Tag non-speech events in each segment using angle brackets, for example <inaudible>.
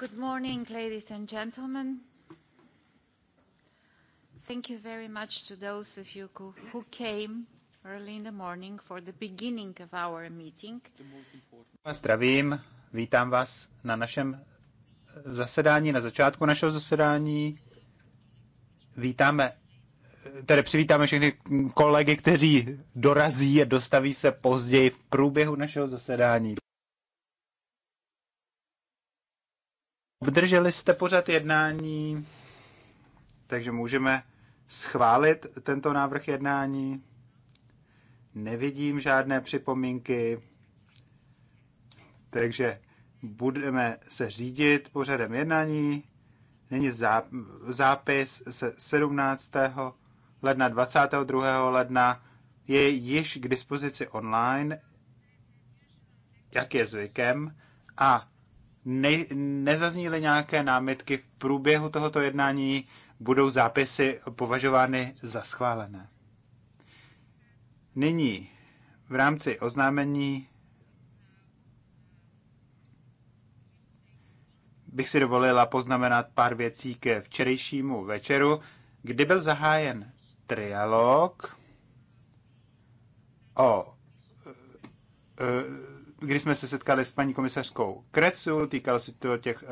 Good morning, ladies and gentlemen. Thank you very much to those of you who, who came early in the morning for the beginning of our meeting. zdravím, vítám vás na našem zasedání, na začátku našeho zasedání. Vítáme, tedy přivítáme všechny kolegy, kteří dorazí a dostaví se později v průběhu našeho zasedání. Obdrželi jste pořad jednání, takže můžeme schválit tento návrh jednání. Nevidím žádné připomínky, takže budeme se řídit pořadem jednání. Není zápis se 17. ledna, 22. ledna. Je již k dispozici online, jak je zvykem. A ne, nezazníly nějaké námitky v průběhu tohoto jednání, budou zápisy považovány za schválené. Nyní v rámci oznámení bych si dovolila poznamenat pár věcí ke včerejšímu večeru, kdy byl zahájen trialog o e, e, když jsme se setkali s paní komisařkou Krecu, týkalo se to těch uh,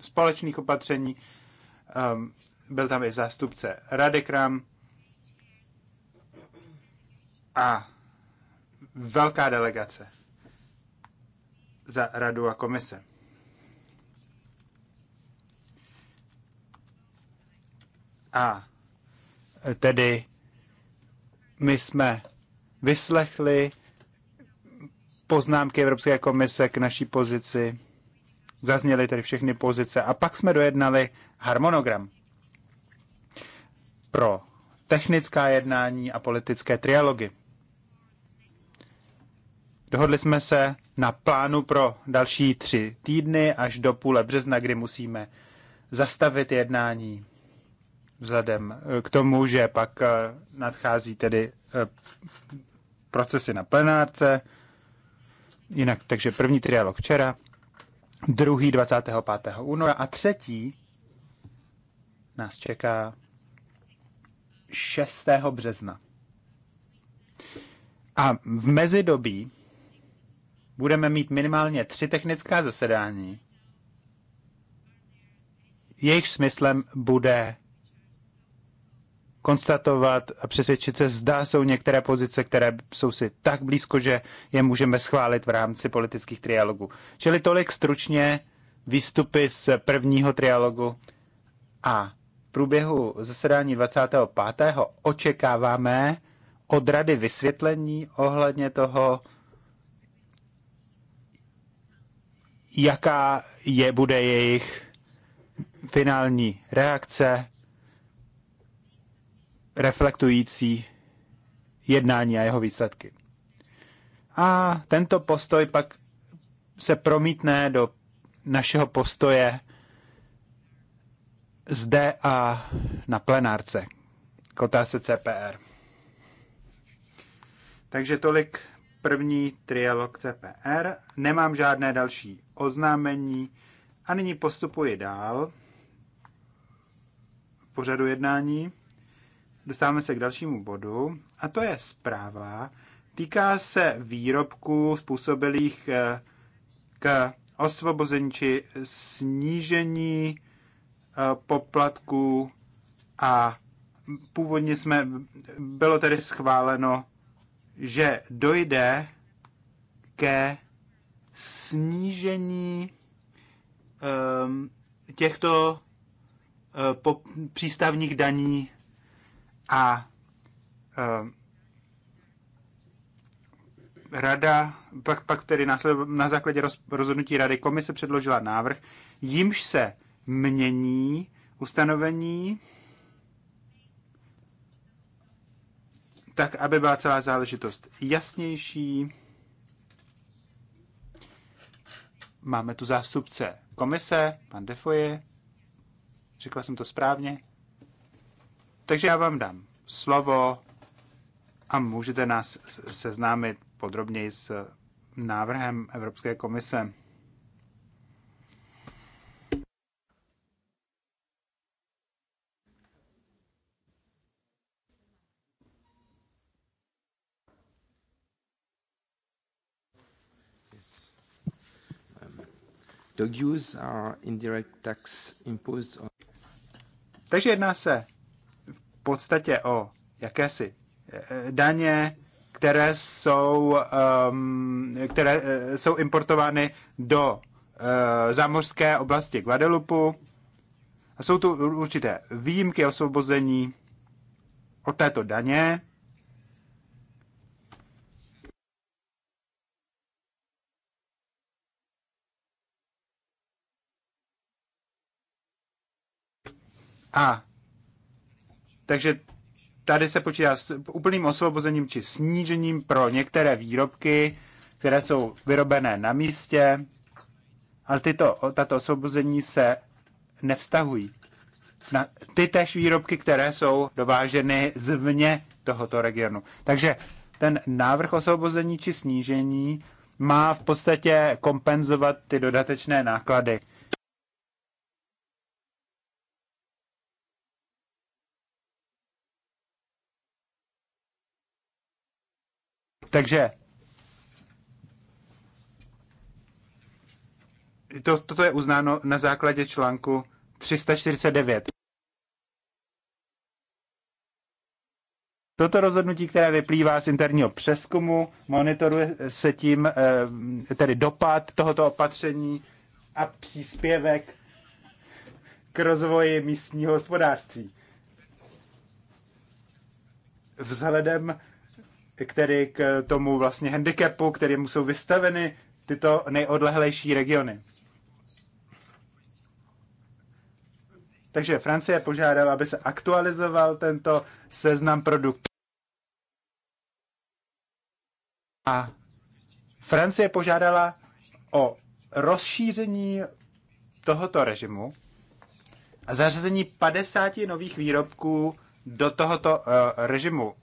společných opatření, um, byl tam i zástupce Radekram a velká delegace za radu a komise. A tedy my jsme vyslechli poznámky Evropské komise k naší pozici. Zazněly tedy všechny pozice a pak jsme dojednali harmonogram pro technická jednání a politické trialogy. Dohodli jsme se na plánu pro další tři týdny až do půle března, kdy musíme zastavit jednání vzhledem eh, k tomu, že pak eh, nadchází tedy eh, procesy na plenárce Jinak, takže první trialog včera, druhý 25. února a třetí nás čeká 6. března. A v mezidobí budeme mít minimálně tři technická zasedání. Jejich smyslem bude konstatovat a přesvědčit se, zda jsou některé pozice, které jsou si tak blízko, že je můžeme schválit v rámci politických trialogů. Čili tolik stručně výstupy z prvního trialogu a v průběhu zasedání 25. očekáváme od rady vysvětlení ohledně toho, jaká je bude jejich finální reakce reflektující jednání a jeho výsledky. A tento postoj pak se promítne do našeho postoje zde a na plenárce kotá se CPR. Takže tolik první trialog CPR. Nemám žádné další oznámení a nyní postupuji dál v pořadu jednání dostáváme se k dalšímu bodu a to je zpráva. Týká se výrobků způsobilých eh, k osvobození či snížení eh, poplatků a původně jsme, bylo tedy schváleno, že dojde ke snížení ehm, těchto eh, přístavních daní a eh, rada, pak, pak tedy na základě roz, rozhodnutí rady komise předložila návrh, jimž se mění ustanovení tak, aby byla celá záležitost jasnější. Máme tu zástupce komise, pan Defoje. Řekla jsem to správně. Takže já vám dám slovo a můžete nás seznámit podrobněji s návrhem Evropské komise. Um, dog use are indirect tax imposed on... Takže jedná se podstatě o jakési eh, daně, které jsou, um, které eh, jsou importovány do uh, zámořské oblasti Guadeloupu. A jsou tu určité výjimky osvobození od této daně. A takže tady se počítá s úplným osvobozením či snížením pro některé výrobky, které jsou vyrobené na místě, ale tyto, tato osvobození se nevztahují na ty též výrobky, které jsou dováženy zvně tohoto regionu. Takže ten návrh osvobození či snížení má v podstatě kompenzovat ty dodatečné náklady. Takže to, toto je uznáno na základě článku 349. Toto rozhodnutí, které vyplývá z interního přeskumu, monitoruje se tím eh, tedy dopad tohoto opatření a příspěvek k rozvoji místního hospodářství. Vzhledem tedy k tomu vlastně handicapu, kterému jsou vystaveny tyto nejodlehlejší regiony. Takže Francie požádala, aby se aktualizoval tento seznam produktů. A Francie požádala o rozšíření tohoto režimu a zařazení 50 nových výrobků do tohoto uh, režimu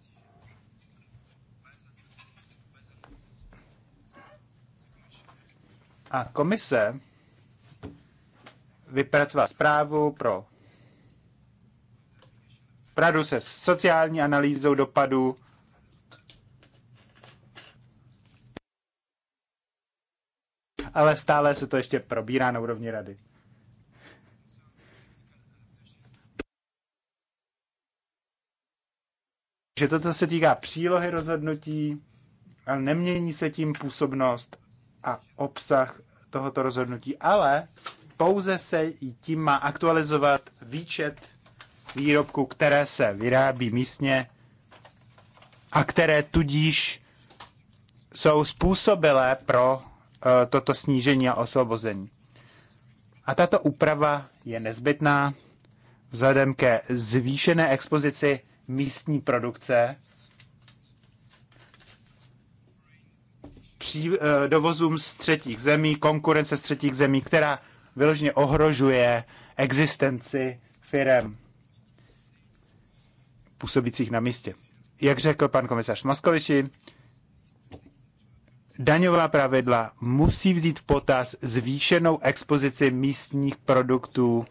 A komise vypracovala zprávu pro Pradu se sociální analýzou dopadů ale stále se to ještě probírá na úrovni rady. Že toto se týká přílohy rozhodnutí, ale nemění se tím působnost a obsah tohoto rozhodnutí, ale pouze se tím má aktualizovat výčet výrobků, které se vyrábí místně a které tudíž jsou způsobilé pro uh, toto snížení a osvobození. A tato úprava je nezbytná vzhledem ke zvýšené expozici místní produkce pří, eh, dovozům z třetích zemí, konkurence z třetích zemí, která vyloženě ohrožuje existenci firem působících na místě. Jak řekl pan komisař Moskoviči, daňová pravidla musí vzít v potaz zvýšenou expozici místních produktů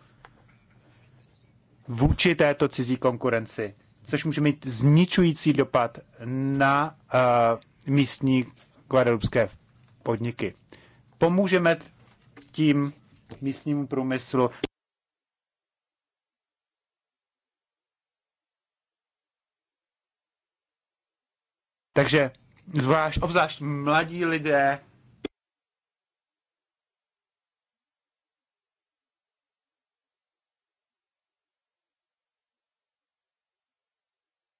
vůči této cizí konkurenci, což může mít zničující dopad na uh, místní guadeloupské jako podniky. Pomůžeme tím místnímu průmyslu. Takže zvlášť, obzvlášť mladí lidé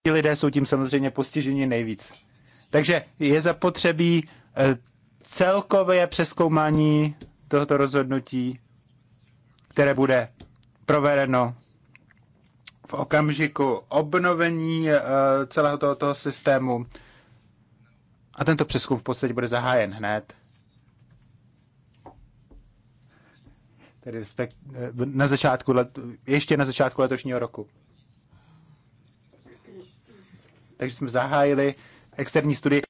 Ti lidé jsou tím samozřejmě postiženi nejvíc. Takže je zapotřebí eh, celkové přeskoumání tohoto rozhodnutí, které bude provedeno v okamžiku obnovení eh, celého tohoto systému. A tento přeskum v podstatě bude zahájen hned. Tedy eh, na začátku let, ještě na začátku letošního roku. Takže jsme zahájili externí studii.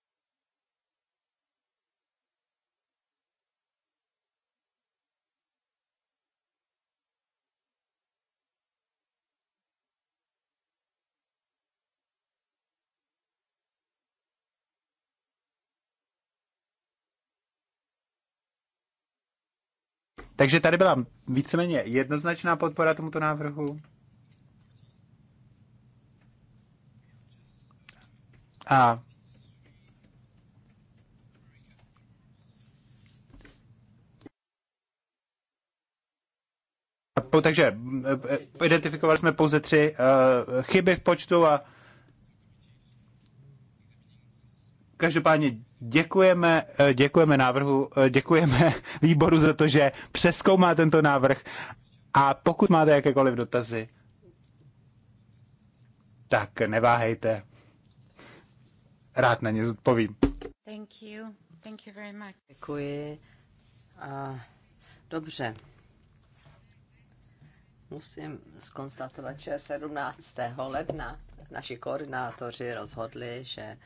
Takže tady byla víceméně jednoznačná podpora tomuto návrhu. A takže e, e, identifikovali jsme pouze tři e, chyby v počtu a každopádně děkujeme, děkujeme návrhu, děkujeme <laughs> výboru za to, že přeskoumá tento návrh a pokud máte jakékoliv dotazy, tak neváhejte. Rád na ně zodpovím. Thank you. Thank you very much. Děkuji. A, dobře musím skonstatovat, že 17. ledna naši koordinátoři rozhodli, že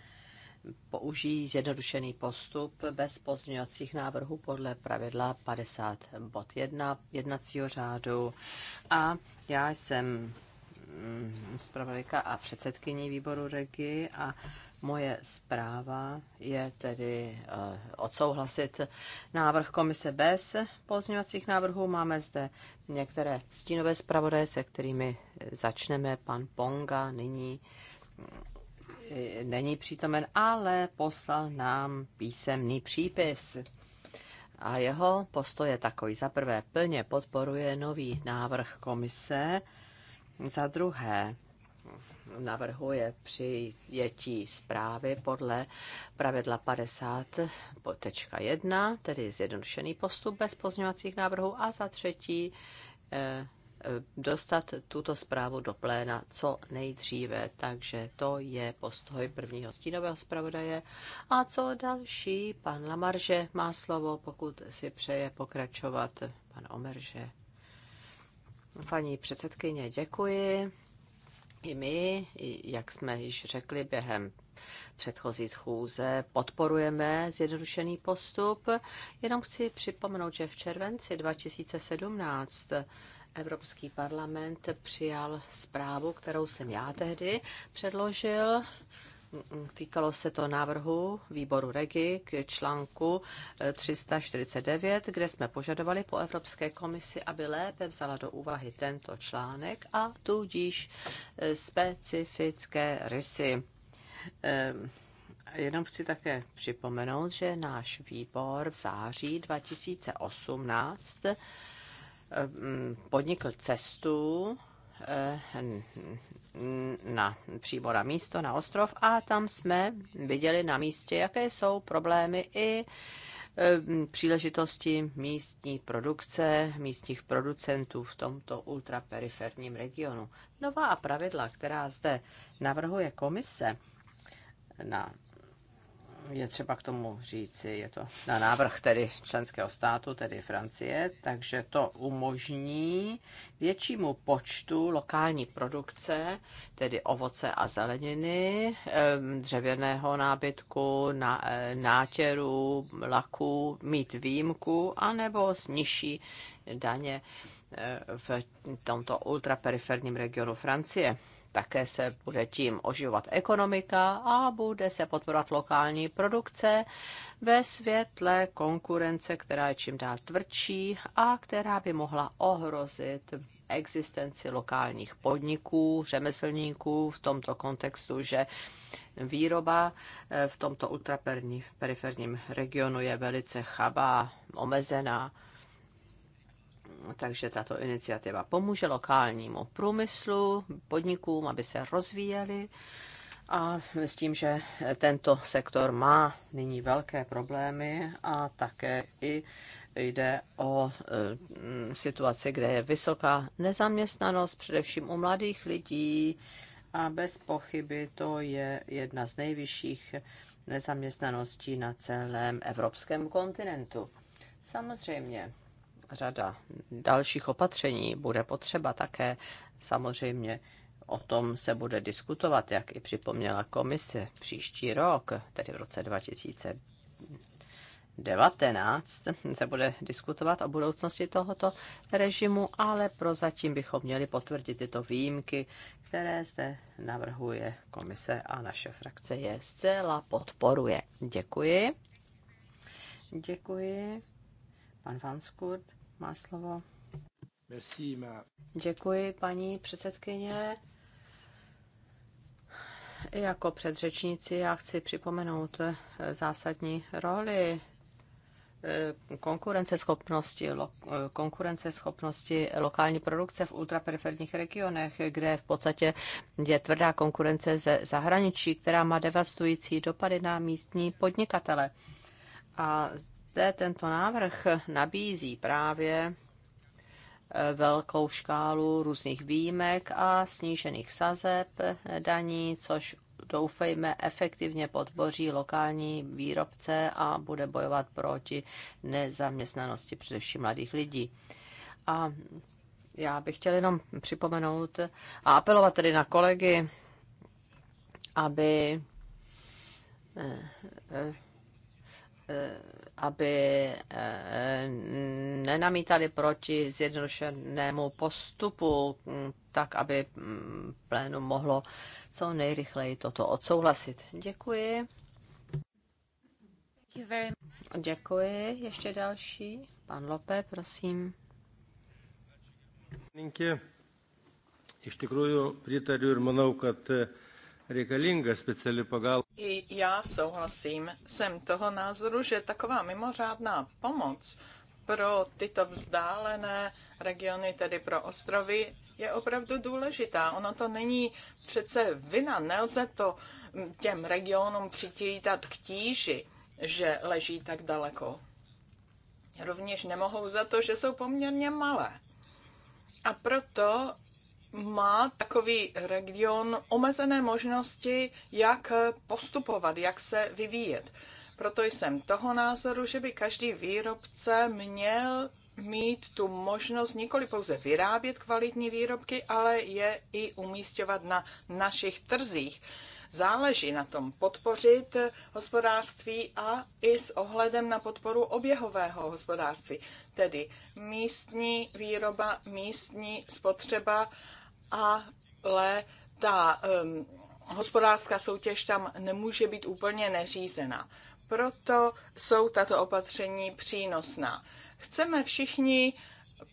použijí zjednodušený postup bez pozměňovacích návrhů podle pravidla 50 bod 1 jednacího řádu. A já jsem mm, zpravodajka a předsedkyní výboru Regi a Moje zpráva je tedy eh, odsouhlasit návrh komise bez pozměňovacích návrhů. Máme zde některé stínové zpravodaje, se kterými začneme. Pan Ponga nyní eh, není přítomen, ale poslal nám písemný přípis. A jeho postoj je takový. Za prvé, plně podporuje nový návrh komise. Za druhé, navrhuje přijetí zprávy podle pravidla 50.1, tedy zjednodušený postup bez pozměňovacích návrhů a za třetí eh, eh, dostat tuto zprávu do pléna co nejdříve. Takže to je postoj prvního stínového zpravodaje. A co další? Pan Lamarže má slovo, pokud si přeje pokračovat. Pan Omerže. Paní předsedkyně, děkuji. I my, jak jsme již řekli během předchozí schůze, podporujeme zjednodušený postup. Jenom chci připomenout, že v červenci 2017 Evropský parlament přijal zprávu, kterou jsem já tehdy předložil Týkalo se to návrhu výboru REGI k článku 349, eh, kde jsme požadovali po Evropské komisi, aby lépe vzala do úvahy tento článek a tudíž eh, specifické rysy. Eh, jenom chci také připomenout, že náš výbor v září 2018 podnikl cestu Eh, na, přímo na místo, na ostrov a tam jsme viděli na místě, jaké jsou problémy i eh, příležitosti místní produkce, místních producentů v tomto ultraperiferním regionu. Nová pravidla, která zde navrhuje komise na je třeba k tomu říci, je to na návrh tedy členského státu, tedy Francie, takže to umožní většímu počtu lokální produkce, tedy ovoce a zeleniny, dřevěného nábytku, e, nátěru, laků, mít výjimku, anebo s nižší daně e, v tomto ultraperiferním regionu Francie také se bude tím oživovat ekonomika a bude se podporovat lokální produkce ve světle konkurence, která je čím dál tvrdší a která by mohla ohrozit existenci lokálních podniků, řemeslníků v tomto kontextu, že výroba eh, v tomto ultraperiferním regionu je velice chabá, omezená. Takže tato iniciativa pomůže lokálnímu průmyslu, podnikům, aby se rozvíjeli. A s tím, že tento sektor má nyní velké problémy a také i jde o e, situaci, kde je vysoká nezaměstnanost, především u mladých lidí. A bez pochyby to je jedna z nejvyšších nezaměstnaností na celém evropském kontinentu. Samozřejmě, řada dalších opatření bude potřeba také. Samozřejmě o tom se bude diskutovat, jak i připomněla komise, příští rok, tedy v roce 2019 se bude diskutovat o budoucnosti tohoto režimu, ale prozatím bychom měli potvrdit tyto výjimky, které zde navrhuje komise a naše frakce je zcela podporuje. Děkuji. Děkuji. Pan Vanskurt má slovo. Děkuji, paní předsedkyně. jako předřečníci já chci připomenout eh, zásadní roli eh, konkurenceschopnosti, lo, eh, konkurenceschopnosti lokální produkce v ultraperiferních regionech, kde v podstatě je tvrdá konkurence ze zahraničí, která má devastující dopady na místní podnikatele. A zde tento návrh nabízí právě e, velkou škálu různých výjimek a snížených sazeb e, daní, což doufejme efektivně podpoří lokální výrobce a bude bojovat proti nezaměstnanosti především mladých lidí. A já bych chtěl jenom připomenout a apelovat tedy na kolegy, aby e, Eh, aby eh, nenamítali proti zjednodušenému postupu, hm, tak aby hm, plénum mohlo co nejrychleji toto odsouhlasit. Děkuji. Děkuji. Ještě další. Pan Lope, prosím. Děkuji. Ještě kruju pritariu ir manau, eh, i já souhlasím. Jsem toho názoru, že taková mimořádná pomoc pro tyto vzdálené regiony, tedy pro ostrovy, je opravdu důležitá. Ono to není přece vina, nelze to mm, těm regionům přitítat k tíži, že leží tak daleko. Rovněž nemohou za to, že jsou poměrně malé. A proto má takový region omezené možnosti, jak postupovat, jak se vyvíjet. Proto jsem toho názoru, že by každý výrobce měl mít tu možnost nikoli pouze vyrábět kvalitní výrobky, ale je i umístěvat na našich trzích. Záleží na tom podpořit hospodářství a i s ohledem na podporu oběhového hospodářství, tedy místní výroba, místní spotřeba ale ta um, hospodářská soutěž tam nemůže být úplně neřízená. Proto jsou tato opatření přínosná. Chceme všichni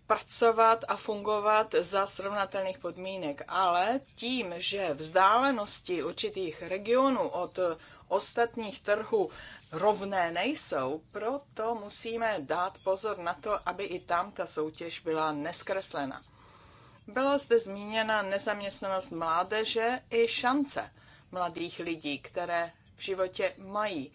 pracovat a fungovat za srovnatelných podmínek, ale tím, že vzdálenosti určitých regionů od ostatních trhů rovné nejsou, proto musíme dát pozor na to, aby i tam ta soutěž byla neskreslena. Byla zde zmíněna nezaměstnanost mládeže i šance mladých lidí, které v životě mají.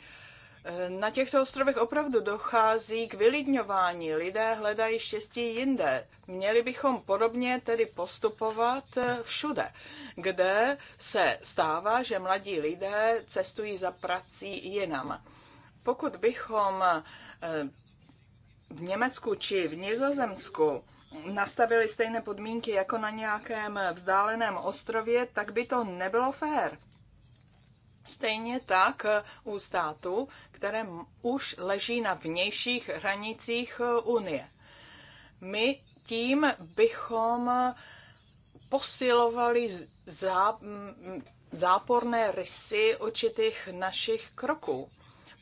Na těchto ostrovech opravdu dochází k vylidňování. Lidé hledají štěstí jinde. Měli bychom podobně tedy postupovat všude, kde se stává, že mladí lidé cestují za prací jinam. Pokud bychom eh, v Německu či v Nizozemsku nastavili stejné podmínky jako na nějakém vzdáleném ostrově, tak by to nebylo fér. Stejně tak eh, u států, které už leží na vnějších hranicích eh, Unie. My tím bychom eh, posilovali záporné rysy určitých našich kroků.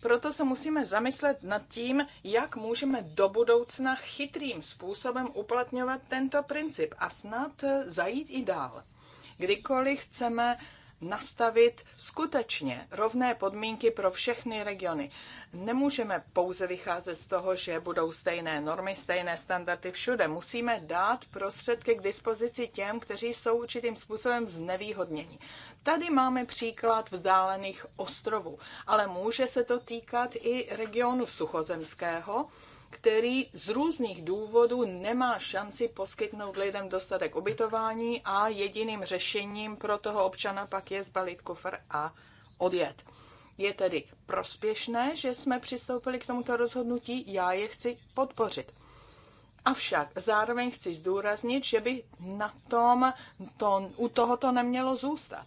Proto se musíme zamyslet nad tím, jak můžeme do budoucna chytrým způsobem uplatňovat tento princip a snad eh, zajít i dál. Kdykoliv chceme nastavit skutečně rovné podmínky pro všechny regiony. Nemůžeme pouze vycházet z toho, že budou stejné normy, stejné standardy všude. Musíme dát prostředky k dispozici těm, kteří jsou určitým způsobem znevýhodněni. Tady máme příklad vzdálených ostrovů, ale může se to týkat i regionu suchozemského, který z různých důvodů nemá šanci poskytnout lidem dostatek ubytování a jediným řešením pro toho občana pak je zbalit kufr a odjet. Je tedy prospěšné, že jsme přistoupili k tomuto rozhodnutí, já je chci podpořit. Avšak zároveň chci zdůraznit, že by na tom to, u tohoto nemělo zůstat.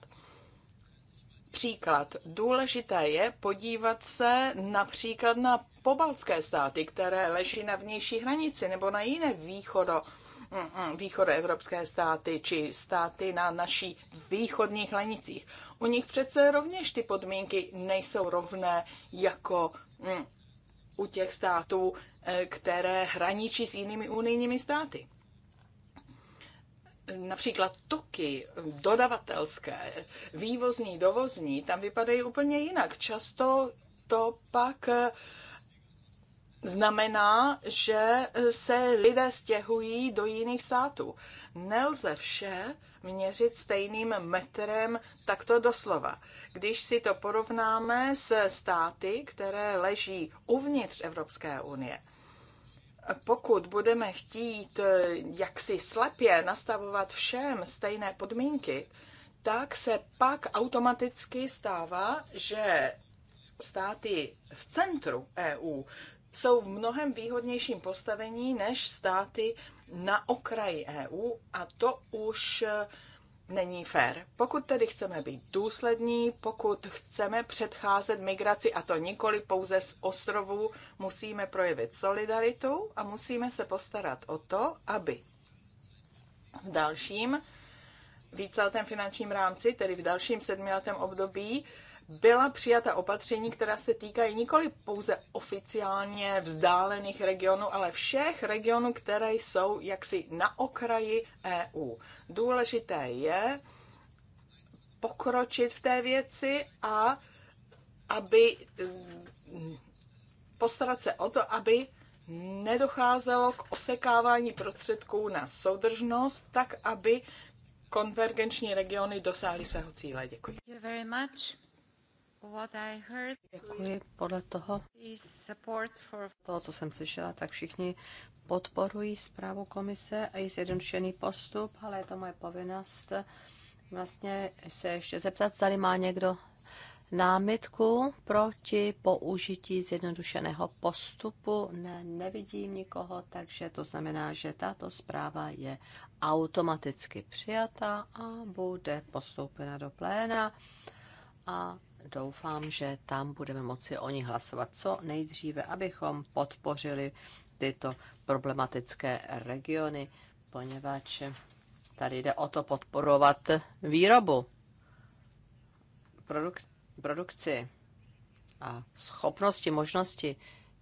Příklad. Důležité je podívat se například na pobaltské státy, které leží na vnější hranici nebo na jiné východo, mm, mm, východoevropské státy či státy na naší východních hranicích. U nich přece rovněž ty podmínky nejsou rovné jako mm, u těch států, eh, které hraničí s jinými unijními státy. Například toky dodavatelské, vývozní, dovozní, tam vypadají úplně jinak. Často to pak eh, znamená, že se lidé stěhují do jiných států. Nelze vše měřit stejným metrem takto doslova. Když si to porovnáme s státy, které leží uvnitř Evropské unie, pokud budeme chtít eh, jaksi slepě nastavovat všem stejné podmínky, tak se pak automaticky stává, že státy v centru EU jsou v mnohem výhodnějším postavení než státy na okraji EU a to už eh, není fér. Pokud tedy chceme být důslední, pokud chceme předcházet migraci, a to nikoli pouze z ostrovů, musíme projevit solidaritu a musíme se postarat o to, aby v dalším víceletém finančním rámci, tedy v dalším sedmiletém období, byla přijata opatření, která se týkají nikoli pouze oficiálně vzdálených regionů, ale všech regionů, které jsou jaksi na okraji EU. Důležité je pokročit v té věci a aby eh, postarat se o to, aby nedocházelo k osekávání prostředků na soudržnost, tak aby konvergenční regiony dosáhly svého cíle. Děkuji. Thank you very much. Děkuji. Podle toho, toho, co jsem slyšela, tak všichni podporují zprávu komise a je zjednodušený postup, ale je to moje povinnost vlastně se ještě zeptat, zda má někdo námitku proti použití zjednodušeného postupu. Ne, nevidím nikoho, takže to znamená, že tato zpráva je automaticky přijata a bude postoupena do pléna a doufám, že tam budeme moci o ní hlasovat co nejdříve, abychom podpořili tyto problematické regiony, poněvadž tady jde o to podporovat výrobu, produk- produkci a schopnosti, možnosti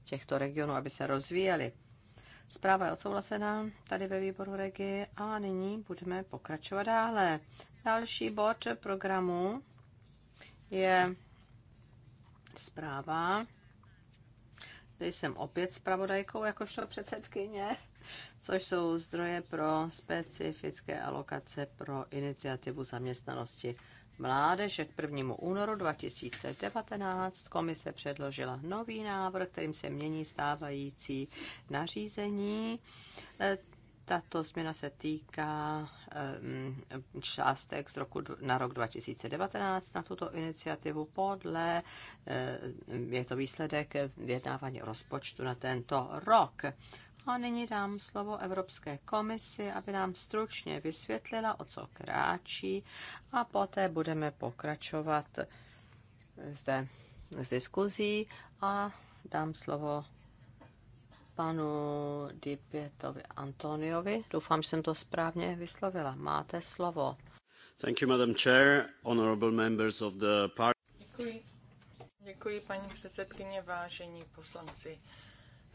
těchto regionů, aby se rozvíjely. Zpráva je odsouhlasená tady ve výboru regie a nyní budeme pokračovat dále. Další bod programu je zpráva, kde jsem opět zpravodajkou jakožto předsedkyně, což jsou zdroje pro specifické alokace pro iniciativu zaměstnanosti mládeže k 1. únoru 2019 komise předložila nový návrh, kterým se mění stávající nařízení tato změna se týká ehm, částek z roku na rok 2019 na tuto iniciativu podle, ehm, je to výsledek vyjednávání rozpočtu na tento rok. A nyní dám slovo Evropské komisi, aby nám stručně vysvětlila, o co kráčí a poté budeme pokračovat zde s diskuzí a dám slovo panu Dipietovi Antoniovi. Doufám, že jsem to správně vyslovila. Máte slovo. Thank you, Madam Chair, honorable members of the party. Děkuji. Děkuji, paní předsedkyně, vážení poslanci.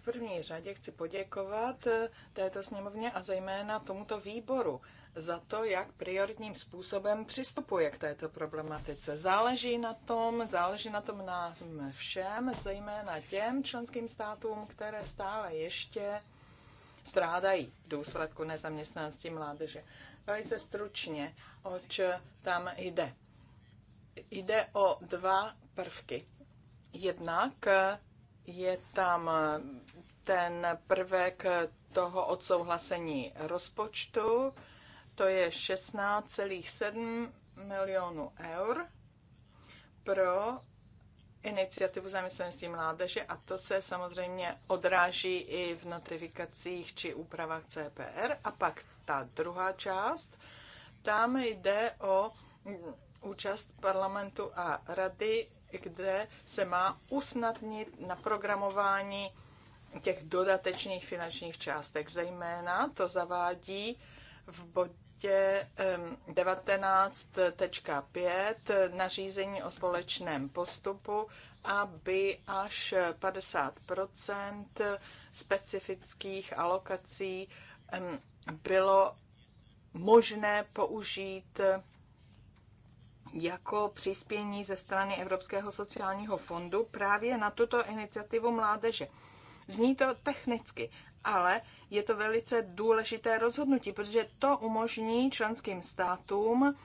V první řadě chci poděkovat této sněmovně a zejména tomuto výboru za to, jak prioritním způsobem přistupuje k této problematice. Záleží na tom, záleží na tom nám všem, zejména těm členským státům, které stále ještě strádají v důsledku nezaměstnanosti mládeže. Velice stručně, oč tam jde. Jde o dva prvky. Jednak je tam ten prvek toho odsouhlasení rozpočtu, to je 16,7 milionů eur pro iniciativu zaměstnanosti mládeže a to se samozřejmě odráží i v notifikacích či úpravách CPR. A pak ta druhá část, tam jde o účast parlamentu a rady, kde se má usnadnit na programování těch dodatečných finančních částek. Zejména to zavádí v bodě limitě 19.5 nařízení o společném postupu, aby až 50 specifických alokací bylo možné použít jako přispění ze strany Evropského sociálního fondu právě na tuto iniciativu mládeže. Zní to technicky, ale je to velice důležité rozhodnutí, protože to umožní členským státům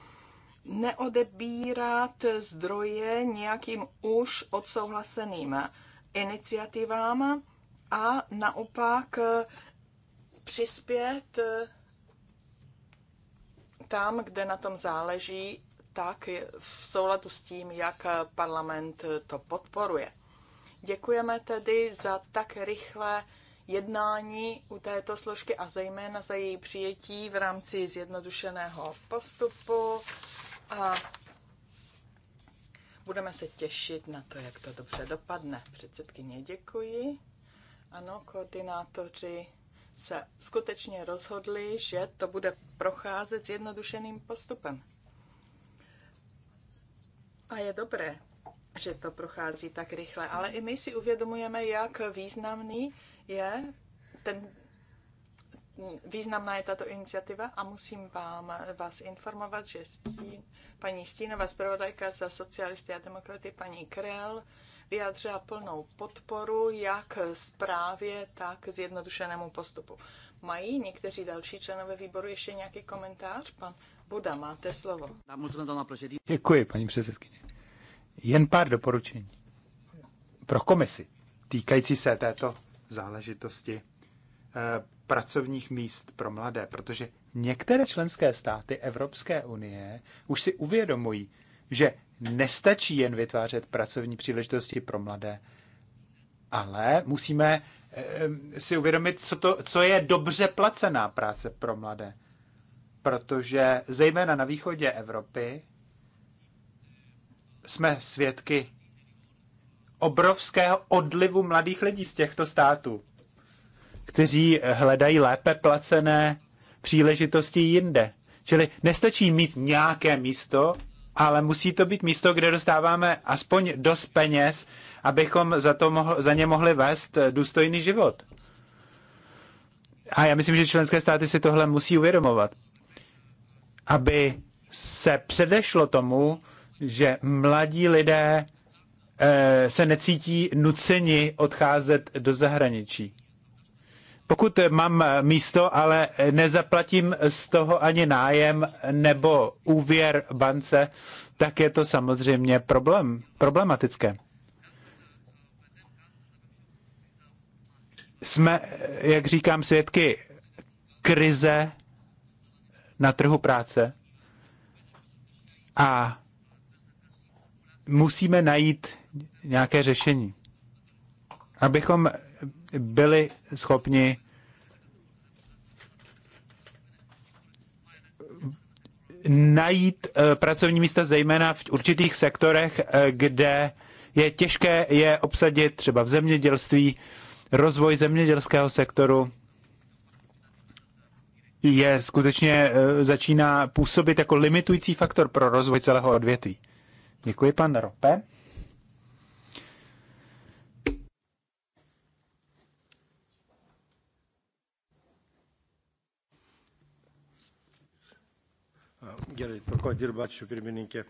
neodebírat zdroje nějakým už odsouhlaseným iniciativám a naopak přispět tam, kde na tom záleží, tak v souladu s tím, jak parlament to podporuje. Děkujeme tedy za tak rychlé jednání u této složky a zejména za její přijetí v rámci zjednodušeného postupu. A budeme se těšit na to, jak to dobře dopadne. Předsedkyně, děkuji. Ano, koordinátoři se skutečně rozhodli, že to bude procházet s jednodušeným postupem. A je dobré, že to prochází tak rychle, ale i my si uvědomujeme, jak významný je ten, významná je tato iniciativa a musím vám, vás informovat, že stín, paní Stínová zpravodajka za socialisty a demokraty, paní Krel, vyjádřila plnou podporu jak zprávě, tak zjednodušenému postupu. Mají někteří další členové výboru ještě nějaký komentář? Pan Buda, máte slovo. Děkuji, paní předsedkyně. Jen pár doporučení pro komisi týkající se této záležitosti eh, pracovních míst pro mladé, protože některé členské státy Evropské unie už si uvědomují, že nestačí jen vytvářet pracovní příležitosti pro mladé, ale musíme eh, si uvědomit, co, to, co je dobře placená práce pro mladé. Protože zejména na východě Evropy jsme svědky obrovského odlivu mladých lidí z těchto států, kteří hledají lépe placené příležitosti jinde. Čili nestačí mít nějaké místo, ale musí to být místo, kde dostáváme aspoň dost peněz, abychom za, to mohl, za ně mohli vést důstojný život. A já myslím, že členské státy si tohle musí uvědomovat, aby se předešlo tomu, že mladí lidé Eh, se necítí nuceni odcházet do zahraničí. Pokud mám místo, ale nezaplatím z toho ani nájem nebo úvěr bance, tak je to samozřejmě problém, problematické. Jsme, jak říkám, svědky krize na trhu práce a musíme najít nějaké řešení. Abychom byli schopni najít eh, pracovní místa zejména v určitých sektorech, eh, kde je těžké je obsadit, třeba v zemědělství, rozvoj zemědělského sektoru je skutečně eh, začíná působit jako limitující faktor pro rozvoj celého odvětví. Děkuji, pan Rope. Gerai, tvarko dirba, ačiū pirmininkė.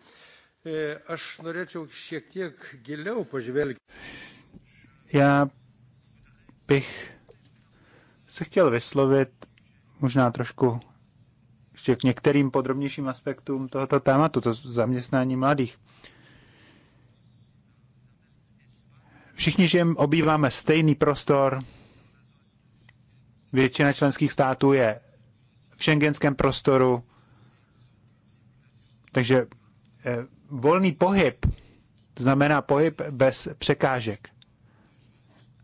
E, aš norėčiau šiek tiek giliau Já bych se chtěl vyslovit možná trošku ještě k některým podrobnějším aspektům tohoto tématu, to zaměstnání mladých. Všichni že obýváme stejný prostor. Většina členských států je v šengenském prostoru takže eh, volný pohyb znamená pohyb bez překážek.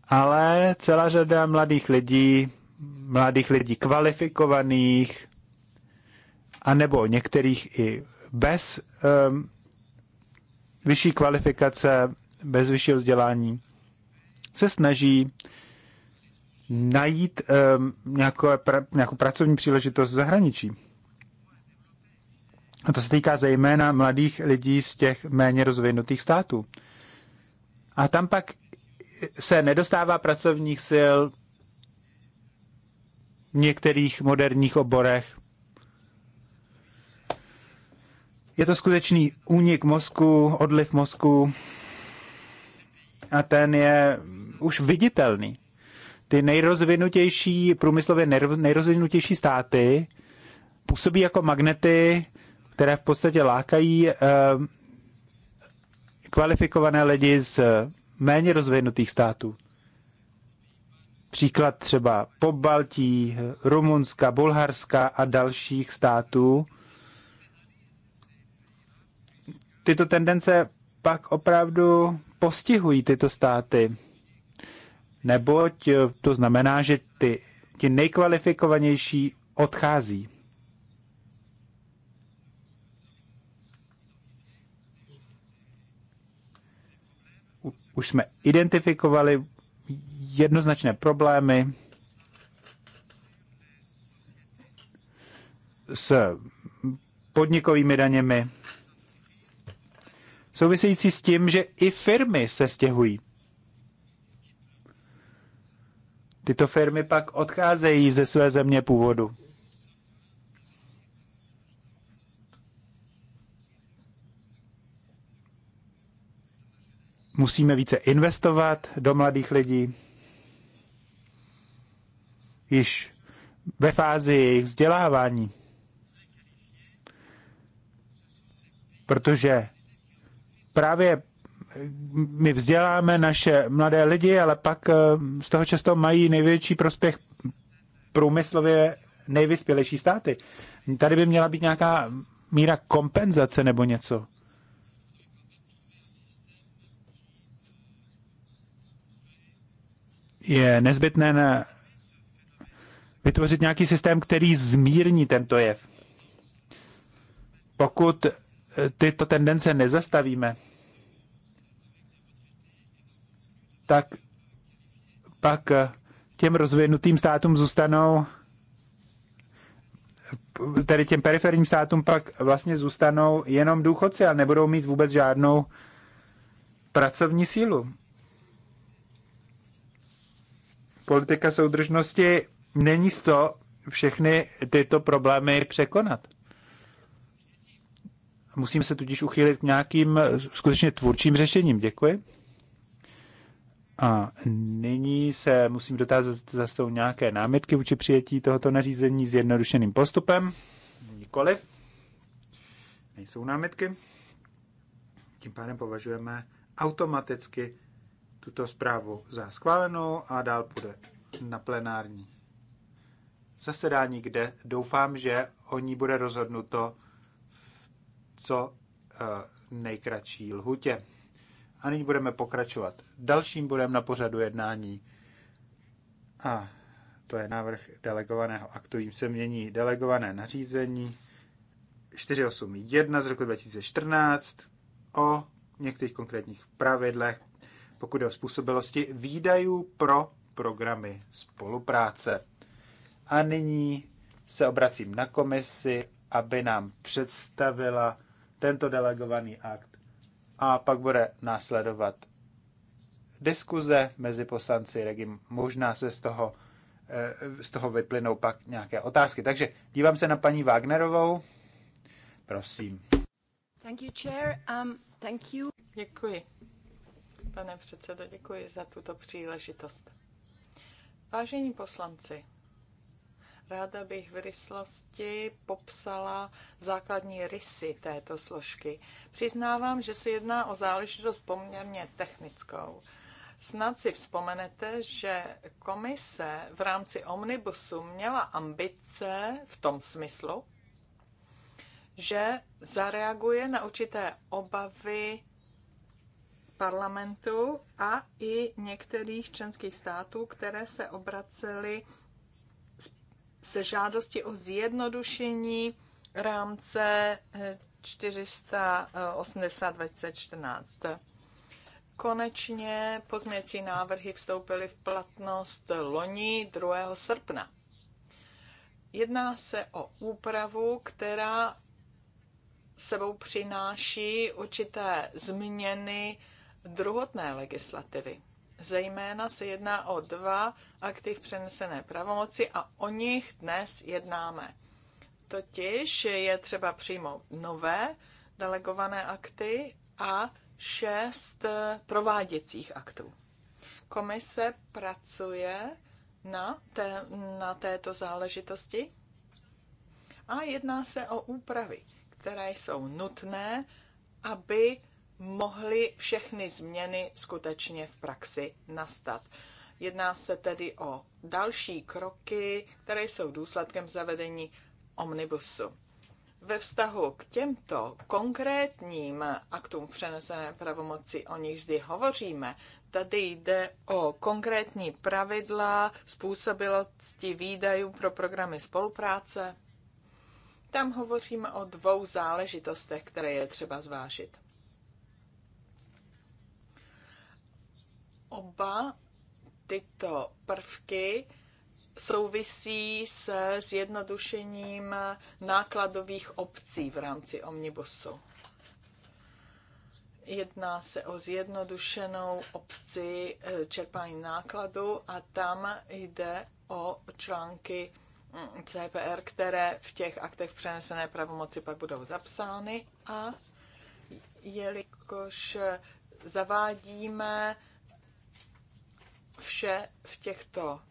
Ale celá řada mladých lidí, mladých lidí kvalifikovaných, anebo některých i bez um, vyšší kvalifikace, bez vyššího vzdělání, se snaží najít um, nějakou, pra, nějakou pracovní příležitost v zahraničí. A to se týká zejména mladých lidí z těch méně rozvinutých států. A tam pak se nedostává pracovních sil v některých moderních oborech. Je to skutečný únik mozku, odliv mozku a ten je už viditelný. Ty nejrozvinutější, průmyslově nejrozvinutější státy působí jako magnety které v podstatě lákají eh, kvalifikované lidi z méně rozvinutých států. Příklad třeba po Baltí, Rumunska, Bulharska a dalších států. Tyto tendence pak opravdu postihují tyto státy, neboť to znamená, že ty, ti nejkvalifikovanější odchází. Už jsme identifikovali jednoznačné problémy s podnikovými daněmi, související s tím, že i firmy se stěhují. Tyto firmy pak odcházejí ze své země původu. Musíme více investovat do mladých lidí, již ve fázi jejich vzdělávání. Protože právě my vzděláme naše mladé lidi, ale pak eh, z toho často mají největší prospěch průmyslově nejvyspělejší státy. Tady by měla být nějaká míra kompenzace nebo něco. je nezbytné na vytvořit nějaký systém, který zmírní tento jev. Pokud eh, tyto tendence nezastavíme, tak pak eh, těm rozvinutým státům zůstanou, tedy těm periferním státům pak vlastně zůstanou jenom důchodci a nebudou mít vůbec žádnou pracovní sílu politika soudržnosti není z to všechny tyto problémy překonat. Musím se tudíž uchýlit k nějakým skutečně tvůrčím řešením. Děkuji. A nyní se musím dotázat, zda jsou nějaké námitky vůči přijetí tohoto nařízení s jednodušeným postupem. Nikoliv. Nejsou námitky. Tím pádem považujeme automaticky tuto zprávu za schválenou a dál půjde na plenární zasedání, kde doufám, že o ní bude rozhodnuto v co eh, nejkratší lhutě. A nyní budeme pokračovat dalším bodem na pořadu jednání. A to je návrh delegovaného aktu, jim se mění delegované nařízení 481 z roku 2014 o některých konkrétních pravidlech pokud je o způsobilosti výdajů pro programy spolupráce. A nyní se obracím na komisi, aby nám představila tento delegovaný akt. A pak bude následovat diskuze mezi poslanci Regim. Možná se z toho, eh, z toho vyplynou pak nějaké otázky. Takže dívám se na paní Wagnerovou. Prosím. Thank you, chair. Um, thank you. Děkuji, pane předsedo, děkuji za tuto příležitost. Vážení poslanci, ráda bych v rychlosti popsala základní rysy této složky. Přiznávám, že se jedná o záležitost poměrně technickou. Snad si vzpomenete, že komise v rámci omnibusu měla ambice v tom smyslu, že zareaguje na určité obavy parlamentu a i některých členských států, které se obracely se žádosti o zjednodušení rámce 480 eh, 2014. Konečně pozměcí návrhy vstoupily v platnost loni 2. srpna. Jedná se o úpravu, která sebou přináší určité změny druhotné legislativy. Zejména se jedná o dva akty v přenesené pravomoci a o nich dnes jednáme. Totiž je třeba přímo nové delegované akty a šest prováděcích aktů. Komise pracuje na, té, na této záležitosti a jedná se o úpravy, které jsou nutné, aby mohly všechny změny skutečně v praxi nastat. Jedná se tedy o další kroky, které jsou důsledkem zavedení omnibusu. Ve vztahu k těmto konkrétním aktům přenesené pravomoci, o nich zde hovoříme, tady jde o konkrétní pravidla způsobilosti výdajů pro programy spolupráce. Tam hovoříme o dvou záležitostech, které je třeba zvážit. Oba tyto prvky souvisí se zjednodušením nákladových obcí v rámci omnibusu. Jedná se o zjednodušenou obci eh, čerpání nákladu a tam jde o články mm, CPR, které v těch aktech přenesené pravomoci pak budou zapsány a jelikož zavádíme vše v těchto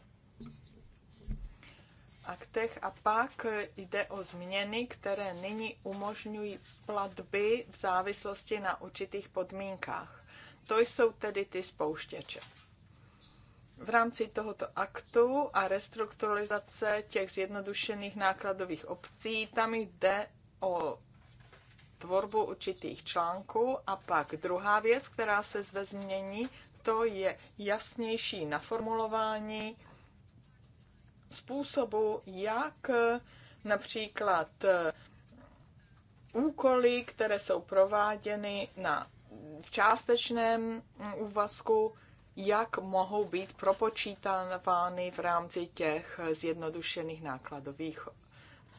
aktech a pak jde o změny, které nyní umožňují platby v závislosti na určitých podmínkách. To jsou tedy ty spouštěče. V rámci tohoto aktu a restrukturalizace těch zjednodušených nákladových obcí tam jde o tvorbu určitých článků a pak druhá věc, která se zde změní, to je jasnější naformulování způsobu, jak například úkoly, které jsou prováděny na, v částečném úvazku, jak mohou být propočítávány v rámci těch zjednodušených nákladových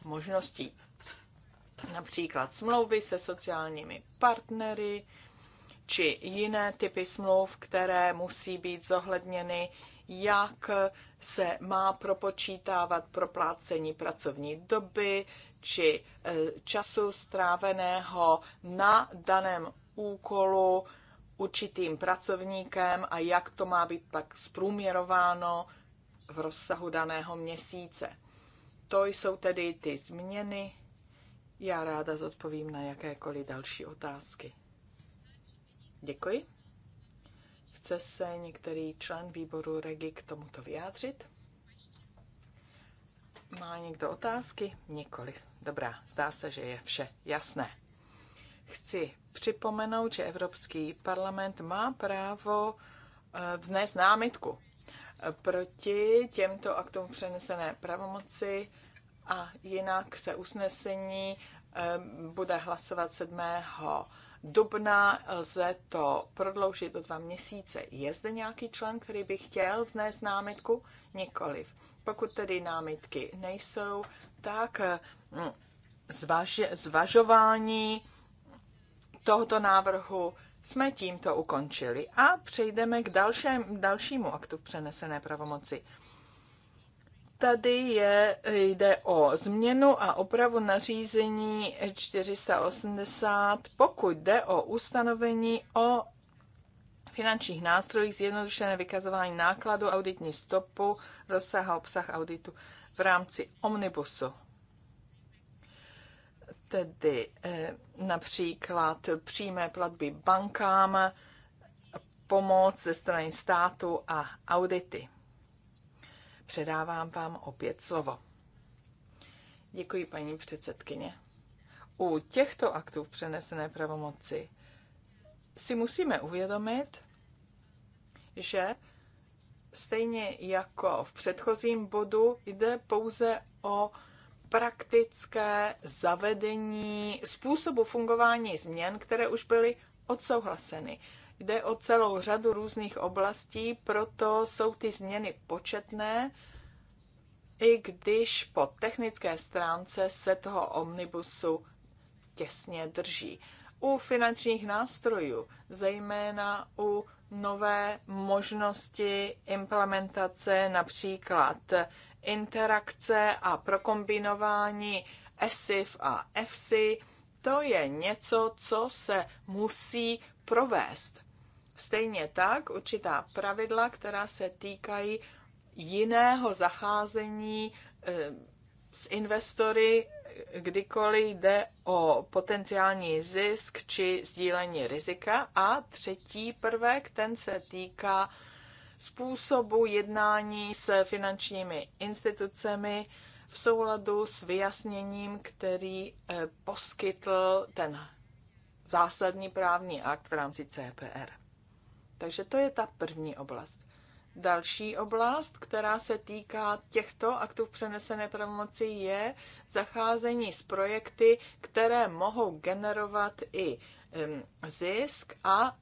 možností. Například smlouvy se sociálními partnery, či jiné typy smluv, které musí být zohledněny, jak se má propočítávat proplácení pracovní doby či e, času stráveného na daném úkolu určitým pracovníkem a jak to má být pak zprůměrováno v rozsahu daného měsíce. To jsou tedy ty změny. Já ráda zodpovím na jakékoliv další otázky. Děkuji. Chce se některý člen výboru Regi k tomuto vyjádřit? Má někdo otázky? Nikoliv. Dobrá, zdá se, že je vše jasné. Chci připomenout, že Evropský parlament má právo eh, vznést námitku proti těmto aktům přenesené pravomoci a jinak se usnesení eh, bude hlasovat 7 dubna, lze to prodloužit o dva měsíce. Je zde nějaký člen, který by chtěl vznést námitku? Nikoliv. Pokud tedy námitky nejsou, tak mm, zvaž, zvažování tohoto návrhu jsme tímto ukončili a přejdeme k dalšem, dalšímu aktu v přenesené pravomoci. Tady je, jde o změnu a opravu nařízení 480, pokud jde o ustanovení o finančních nástrojích, zjednodušené vykazování nákladu, auditní stopu, rozsah a obsah auditu v rámci omnibusu. Tedy eh, například přímé platby bankám, pomoc ze strany státu a audity. Předávám vám opět slovo. Děkuji, paní předsedkyně. U těchto aktů v přenesené pravomoci si musíme uvědomit, že stejně jako v předchozím bodu jde pouze o praktické zavedení způsobu fungování změn, které už byly odsouhlaseny. Jde o celou řadu různých oblastí, proto jsou ty změny početné, i když po technické stránce se toho omnibusu těsně drží. U finančních nástrojů, zejména u nové možnosti implementace, například interakce a prokombinování ESIF a EFSI, to je něco, co se musí provést. Stejně tak určitá pravidla, která se týkají jiného zacházení eh, s investory, kdykoliv jde o potenciální zisk či sdílení rizika. A třetí prvek, ten se týká způsobu jednání s finančními institucemi v souladu s vyjasněním, který eh, poskytl ten zásadní právní akt v rámci CPR. Takže to je ta první oblast. Další oblast, která se týká těchto aktů v přenesené pravomoci, je zacházení s projekty, které mohou generovat i zisk a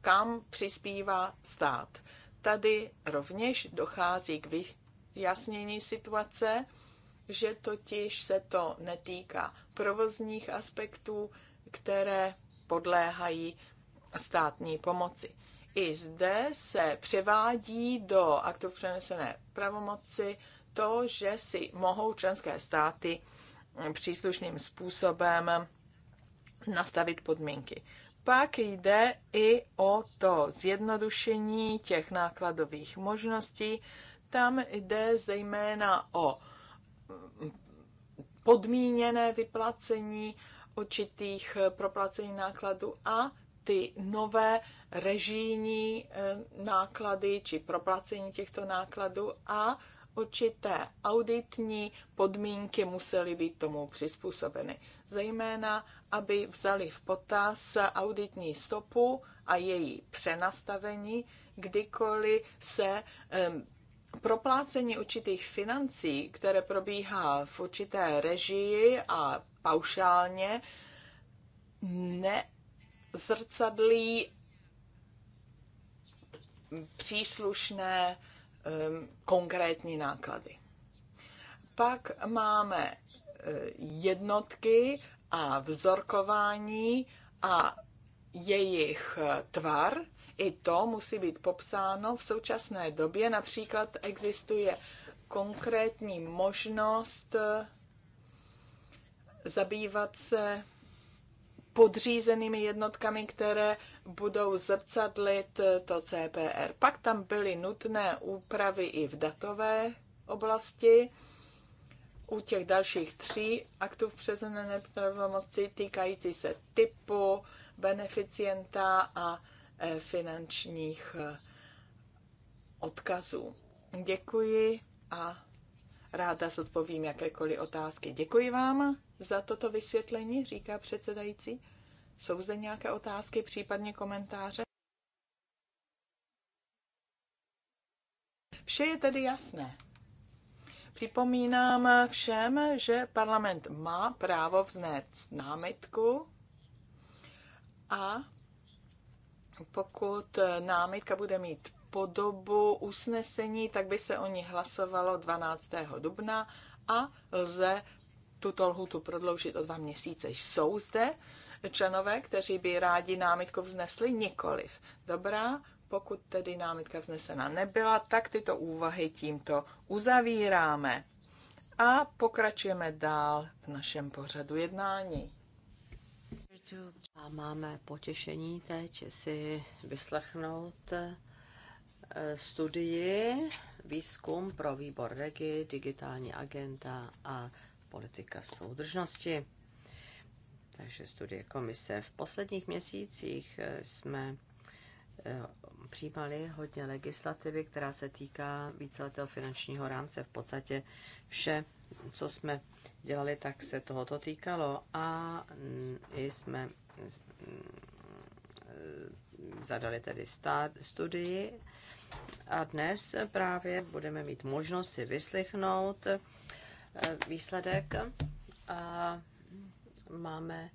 kam přispívá stát. Tady rovněž dochází k vyjasnění situace, že totiž se to netýká provozních aspektů, které podléhají státní pomoci. I zde se převádí do aktu přenesené pravomoci to, že si mohou členské státy příslušným způsobem nastavit podmínky. Pak jde i o to zjednodušení těch nákladových možností. Tam jde zejména o podmíněné vyplacení určitých proplacení nákladů a ty nové režijní eh, náklady či proplacení těchto nákladů a určité auditní podmínky musely být tomu přizpůsobeny. Zejména, aby vzali v potaz auditní stopu a její přenastavení, kdykoliv se um, proplácení určitých financí, které probíhá v určité režii a paušálně, ne zrcadlí příslušné um, konkrétní náklady. Pak máme eh, jednotky a vzorkování a jejich tvar. I to musí být popsáno. V současné době například existuje konkrétní možnost eh, zabývat se podřízenými jednotkami, které budou zrcadlit to CPR. Pak tam byly nutné úpravy i v datové oblasti. U těch dalších tří aktů v přezené pravomoci týkající se typu, beneficienta a e, finančních e, odkazů. Děkuji a ráda zodpovím jakékoliv otázky. Děkuji vám za toto vysvětlení, říká předsedající. Jsou zde nějaké otázky, případně komentáře? Vše je tedy jasné. Připomínám všem, že parlament má právo vznést námitku a pokud námitka bude mít podobu usnesení, tak by se o ní hlasovalo 12. dubna a lze tuto lhutu prodloužit o dva měsíce. Jsou zde členové, kteří by rádi námitku vznesli? Nikoliv. Dobrá, pokud tedy námitka vznesena nebyla, tak tyto úvahy tímto uzavíráme. A pokračujeme dál v našem pořadu jednání. A máme potěšení teď si vyslechnout eh, studii výzkum pro výbor Regi, digitální agenda a politika soudržnosti. Takže studie komise. V posledních měsících eh, jsme eh, přijímali hodně legislativy, která se týká víceletého finančního rámce. V podstatě vše, co jsme dělali, tak se tohoto týkalo a mm, i jsme mm, eh, zadali tedy studii a dnes právě budeme mít možnost si vyslechnout Eh, výsledek a máme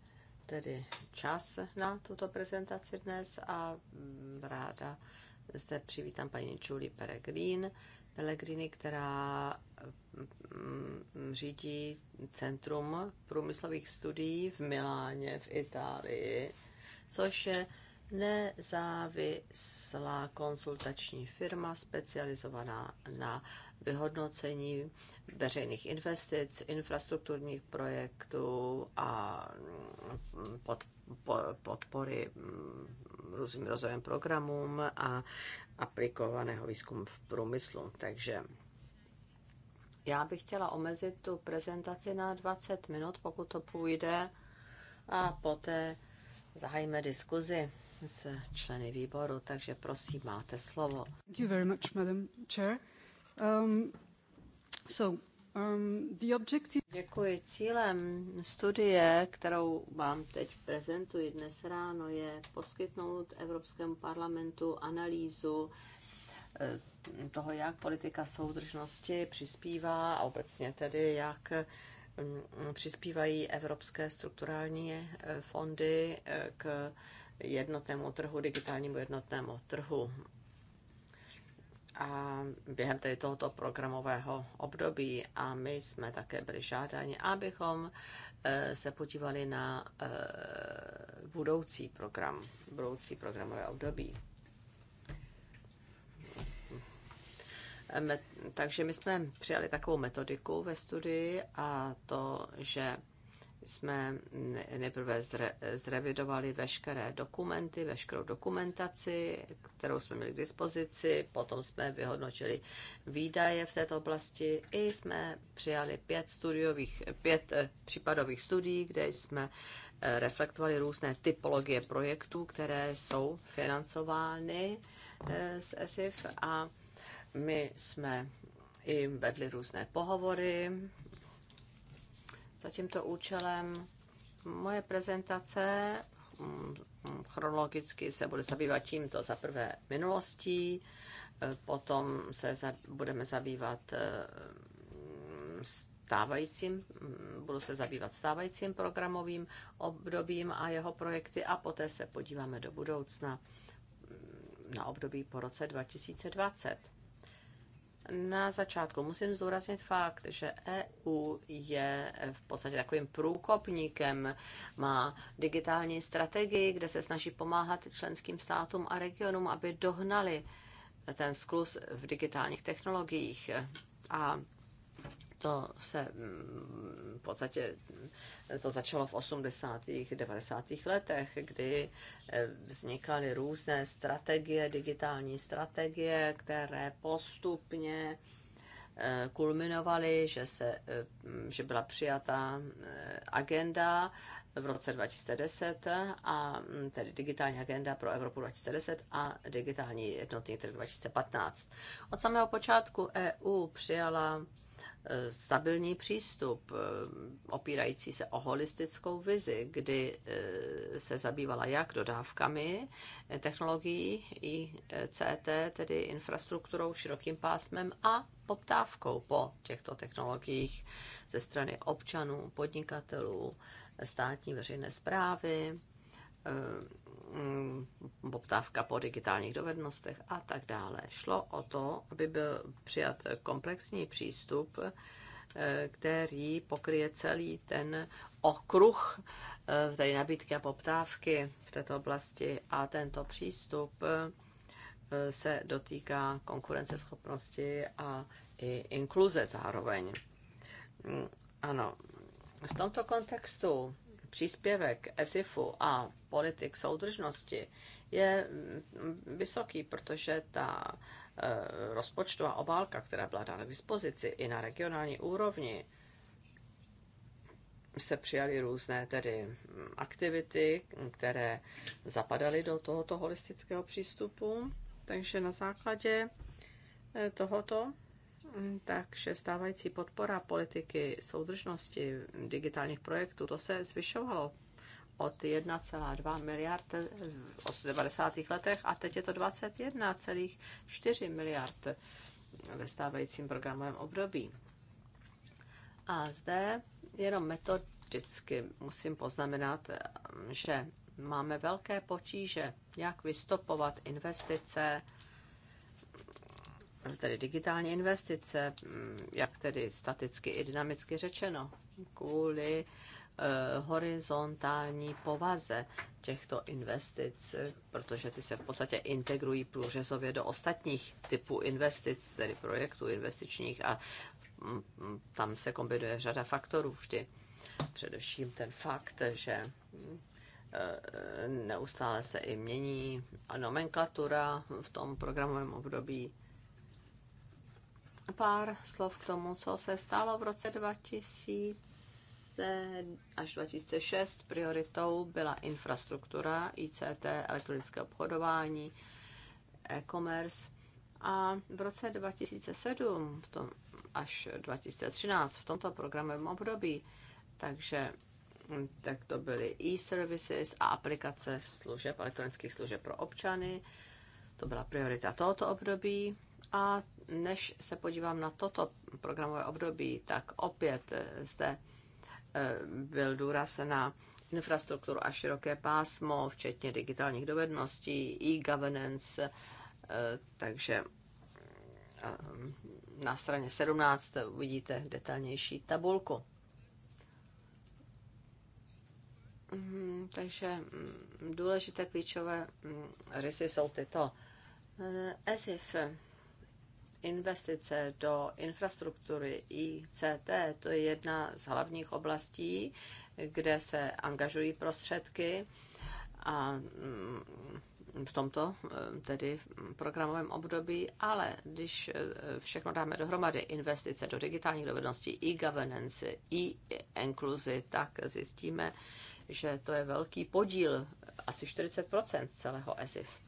tedy čas na tuto prezentaci dnes a ráda zde přivítám paní Julie Peregrin, Pelegrini, která mm, řídí Centrum průmyslových studií v Miláně v Itálii, což je nezávislá konsultační firma specializovaná na vyhodnocení veřejných investic, infrastrukturních projektů a mm, pod, po, podpory mm, různým rozvojem programům a aplikovaného výzkumu v průmyslu. Takže já bych chtěla omezit tu prezentaci na 20 minut, pokud to půjde, a poté zahajíme diskuzi s členy výboru, takže prosím, máte slovo. Thank you very much, Madam Chair. Um, so, um, the objective... Děkuji. Cílem studie, kterou vám teď prezentuji dnes ráno, je poskytnout Evropskému parlamentu analýzu eh, toho, jak politika soudržnosti přispívá a obecně tedy, jak mm, přispívají evropské strukturální eh, fondy eh, k jednotnému trhu, digitálnímu jednotnému trhu. A během tady tohoto programového období a my jsme také byli žádáni, abychom eh, se podívali na eh, budoucí program, budoucí programové období. Takže my jsme přijali takovou metodiku ve studii a to, že jsme nejprve zre, zrevidovali veškeré dokumenty, veškerou dokumentaci, kterou jsme měli k dispozici, potom jsme vyhodnotili výdaje v této oblasti i jsme přijali pět, studiových, pět eh, případových studií, kde jsme eh, reflektovali různé typologie projektů, které jsou financovány eh, z ESIF a my jsme i vedli různé pohovory za tímto účelem moje prezentace hm, chronologicky se bude zabývat tímto za prvé minulostí, eh, potom se za, budeme zabývat eh, stávajícím, hm, budu se zabývat stávajícím programovým obdobím a jeho projekty a poté se podíváme do budoucna hm, na období po roce 2020. Na začátku musím zdůraznit fakt, že EU je v podstatě takovým průkopníkem, má digitální strategii, kde se snaží pomáhat členským státům a regionům, aby dohnali ten sklus v digitálních technologiích. A to se mm, v podstatě to začalo v 80. 90. letech, kdy eh, vznikaly různé strategie, digitální strategie, které postupně eh, kulminovaly, že, se, eh, že byla přijata agenda v roce 2010, a mm, tedy digitální agenda pro Evropu 2010 a digitální jednotný trh 2015. Od samého počátku EU přijala stabilní přístup, eh, opírající se o holistickou vizi, kdy eh, se zabývala jak dodávkami eh, technologií i CT, tedy infrastrukturou, širokým pásmem a poptávkou po těchto technologiích ze strany občanů, podnikatelů, státní veřejné zprávy, Mm, poptávka po digitálních dovednostech a tak dále. Šlo o to, aby byl přijat komplexní přístup, eh, který pokryje celý ten okruh eh, tady nabídky a poptávky v této oblasti a tento přístup eh, se dotýká konkurenceschopnosti a i inkluze zároveň. Mm, ano, v tomto kontextu příspěvek ESIFu a politik soudržnosti je mm, vysoký, protože ta eh, rozpočtová obálka, která byla dána k dispozici i na regionální úrovni, se přijaly různé tedy mm, aktivity, které zapadaly do tohoto holistického přístupu. Takže na základě eh, tohoto takže stávající podpora politiky soudržnosti digitálních projektů, to se zvyšovalo od 1,2 miliard v 90. letech a teď je to 21,4 miliard ve stávajícím programovém období. A zde jenom metodicky musím poznamenat, že máme velké potíže, jak vystopovat investice tedy digitální investice, mm, jak tedy staticky i dynamicky řečeno, kvůli eh, horizontální povaze těchto investic, protože ty se v podstatě integrují průřezově do ostatních typů investic, tedy projektů investičních a mm, mm, tam se kombinuje řada faktorů vždy. Především ten fakt, že eh, neustále se i mění nomenklatura v tom programovém období pár slov k tomu, co se stalo v roce 2000 až 2006. Prioritou byla infrastruktura, ICT, elektronické obchodování, e-commerce. A v roce 2007 v tom, až 2013 v tomto programovém období, takže hm, tak to byly e-services a aplikace služeb, elektronických služeb pro občany. To byla priorita tohoto období a než se podívám na toto programové období, tak opět eh, zde eh, byl důraz na infrastrukturu a široké pásmo, včetně digitálních dovedností, e-governance, eh, takže na straně 17 uvidíte detailnější tabulku. Hmm, takže mm, důležité klíčové mm, rysy jsou tyto. if investice do infrastruktury ICT, to je jedna z hlavních oblastí, kde se angažují prostředky a mm, v tomto eh, tedy programovém období, ale když eh, všechno dáme dohromady, investice do digitálních dovedností, e-governance, e-inkluzi, tak zjistíme, že to je velký podíl, asi 40% celého ESIF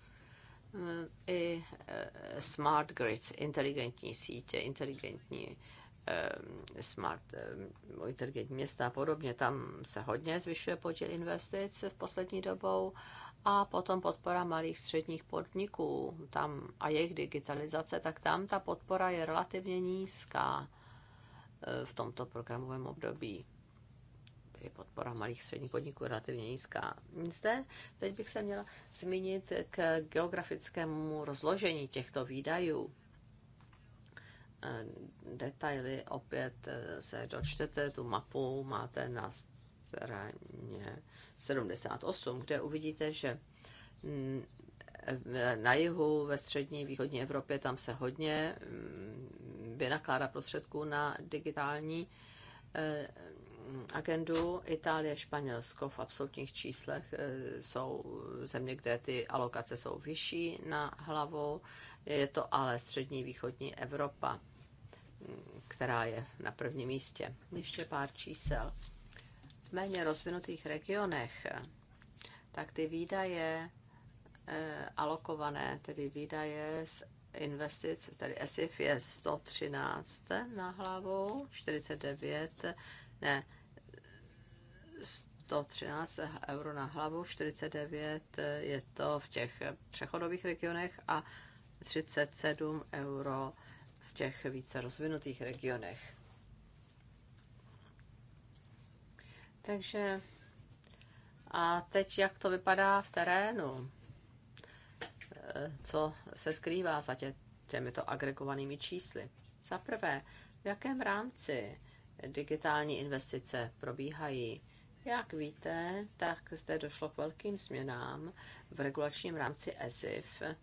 i e, smart grids, inteligentní sítě, inteligentní e, smart, e, inteligentní města a podobně. Tam se hodně zvyšuje podíl investic v poslední dobou a potom podpora malých středních podniků tam a jejich digitalizace, tak tam ta podpora je relativně nízká v tomto programovém období je podpora malých středních podniků relativně nízká. Zde teď bych se měla zmínit k geografickému rozložení těchto výdajů. Eh, detaily opět eh, se dočtete, tu mapu máte na straně 78, kde uvidíte, že mm, na jihu, ve střední, východní Evropě, tam se hodně mm, vynakládá prostředků na digitální eh, agendu. Itálie, Španělsko v absolutních číslech eh, jsou země, kde ty alokace jsou vyšší na hlavu. Je to ale střední východní Evropa, která je na prvním místě. Ještě pár čísel. V méně rozvinutých regionech tak ty výdaje eh, alokované, tedy výdaje z investic, tedy ESIF je 113 na hlavu, 49, ne, 113 euro na hlavu, 49 je to v těch přechodových regionech a 37 euro v těch více rozvinutých regionech. Takže a teď jak to vypadá v terénu? Eh, co se skrývá za tě, těmito agregovanými čísly? Za prvé, v jakém rámci digitální investice probíhají? Jak víte, tak zde došlo k velkým změnám v regulačním rámci ESIF, eh,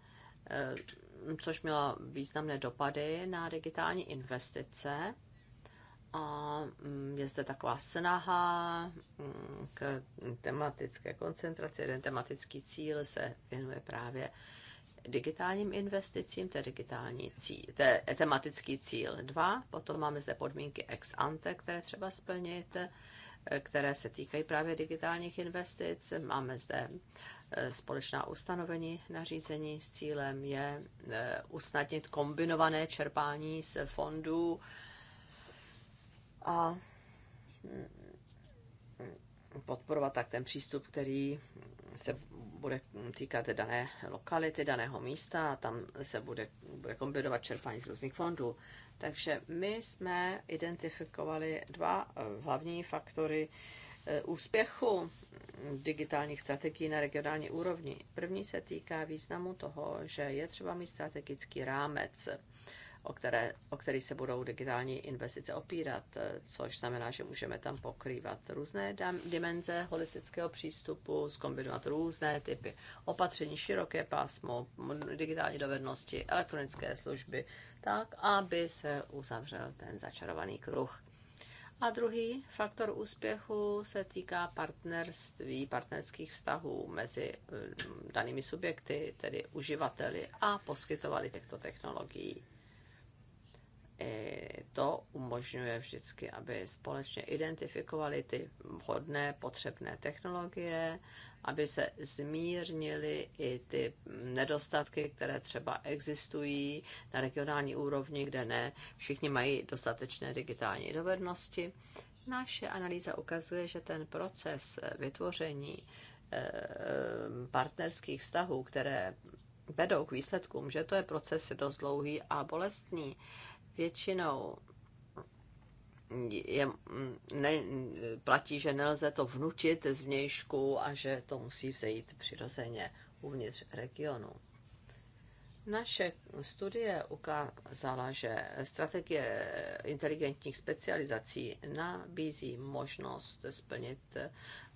což mělo významné dopady na digitální investice. A mm, je zde taková snaha mm, k tematické koncentraci. Jeden tematický cíl se věnuje právě digitálním investicím, to je digitální cíl, to je tematický cíl 2. Potom máme zde podmínky ex ante, které třeba splnit které se týkají právě digitálních investic. Máme zde eh, společná ustanovení nařízení s cílem je eh, usnadnit kombinované čerpání z fondů a hm, podporovat tak ten přístup, který se bude týkat dané lokality, daného místa a tam se bude, bude kombinovat čerpání z různých fondů. Takže my jsme identifikovali dva eh, hlavní faktory eh, úspěchu digitálních strategií na regionální úrovni. První se týká významu toho, že je třeba mít strategický rámec o, které, o který se budou digitální investice opírat, eh, což znamená, že můžeme tam pokrývat různé dimenze holistického přístupu, zkombinovat různé typy opatření, široké pásmo, digitální dovednosti, elektronické služby, tak, aby se uzavřel ten začarovaný kruh. A druhý faktor úspěchu se týká partnerství, partnerských vztahů mezi eh, danými subjekty, tedy uživateli a poskytovali těchto technologií to umožňuje vždycky, aby společně identifikovali ty vhodné potřebné technologie, aby se zmírnily i ty nedostatky, které třeba existují na regionální úrovni, kde ne všichni mají dostatečné digitální dovednosti. Naše analýza ukazuje, že ten proces vytvoření eh, partnerských vztahů, které vedou k výsledkům, že to je proces dost dlouhý a bolestný většinou je, ne, platí, že nelze to vnučit zvnějšku a že to musí vzejít přirozeně uvnitř regionu. Naše studie ukázala, že strategie inteligentních specializací nabízí možnost splnit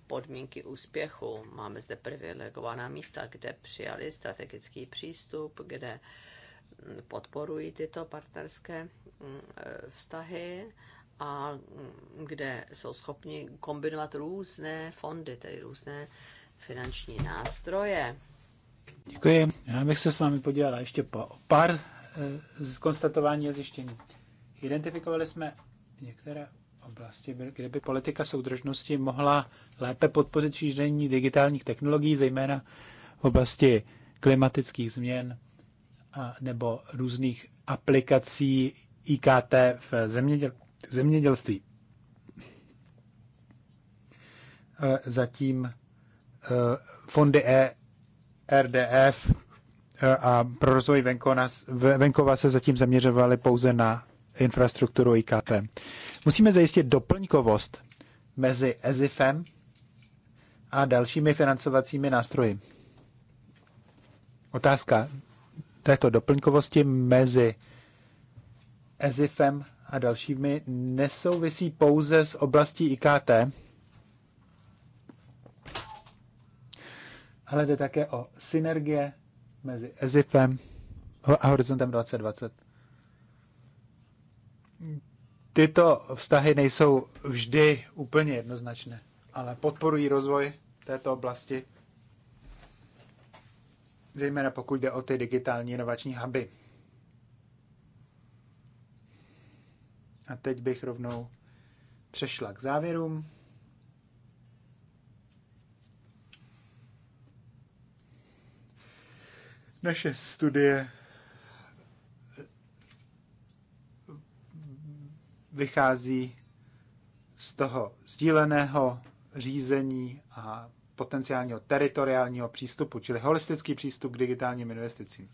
podmínky úspěchu. Máme zde privilegovaná místa, kde přijali strategický přístup, kde uh, podporují tyto partnerské mm, e, vztahy a mm, kde jsou schopni kombinovat různé fondy, tedy různé finanční nástroje. Děkuji. Já bych se s vámi podělala ještě po pár e, z konstatování a zjištění. Identifikovali jsme některé oblasti, kde by politika soudržnosti mohla lépe podpořit šíření digitálních technologií, zejména v oblasti klimatických změn, a, nebo různých aplikací IKT v, zemědělství. E, zatím e, fondy ERDF e, a pro rozvoj venkova se zatím zaměřovaly pouze na infrastrukturu IKT. Musíme zajistit doplňkovost mezi EZIFem a dalšími financovacími nástroji. Otázka této doplňkovosti mezi EZIFem a dalšími nesouvisí pouze s oblastí IKT, ale jde také o synergie mezi EZIFem a Horizontem 2020. Tyto vztahy nejsou vždy úplně jednoznačné, ale podporují rozvoj této oblasti zejména pokud jde o ty digitální inovační huby. A teď bych rovnou přešla k závěrům. Naše studie vychází z toho sdíleného řízení a potenciálního teritoriálního přístupu, čili holistický přístup k digitálním investicím.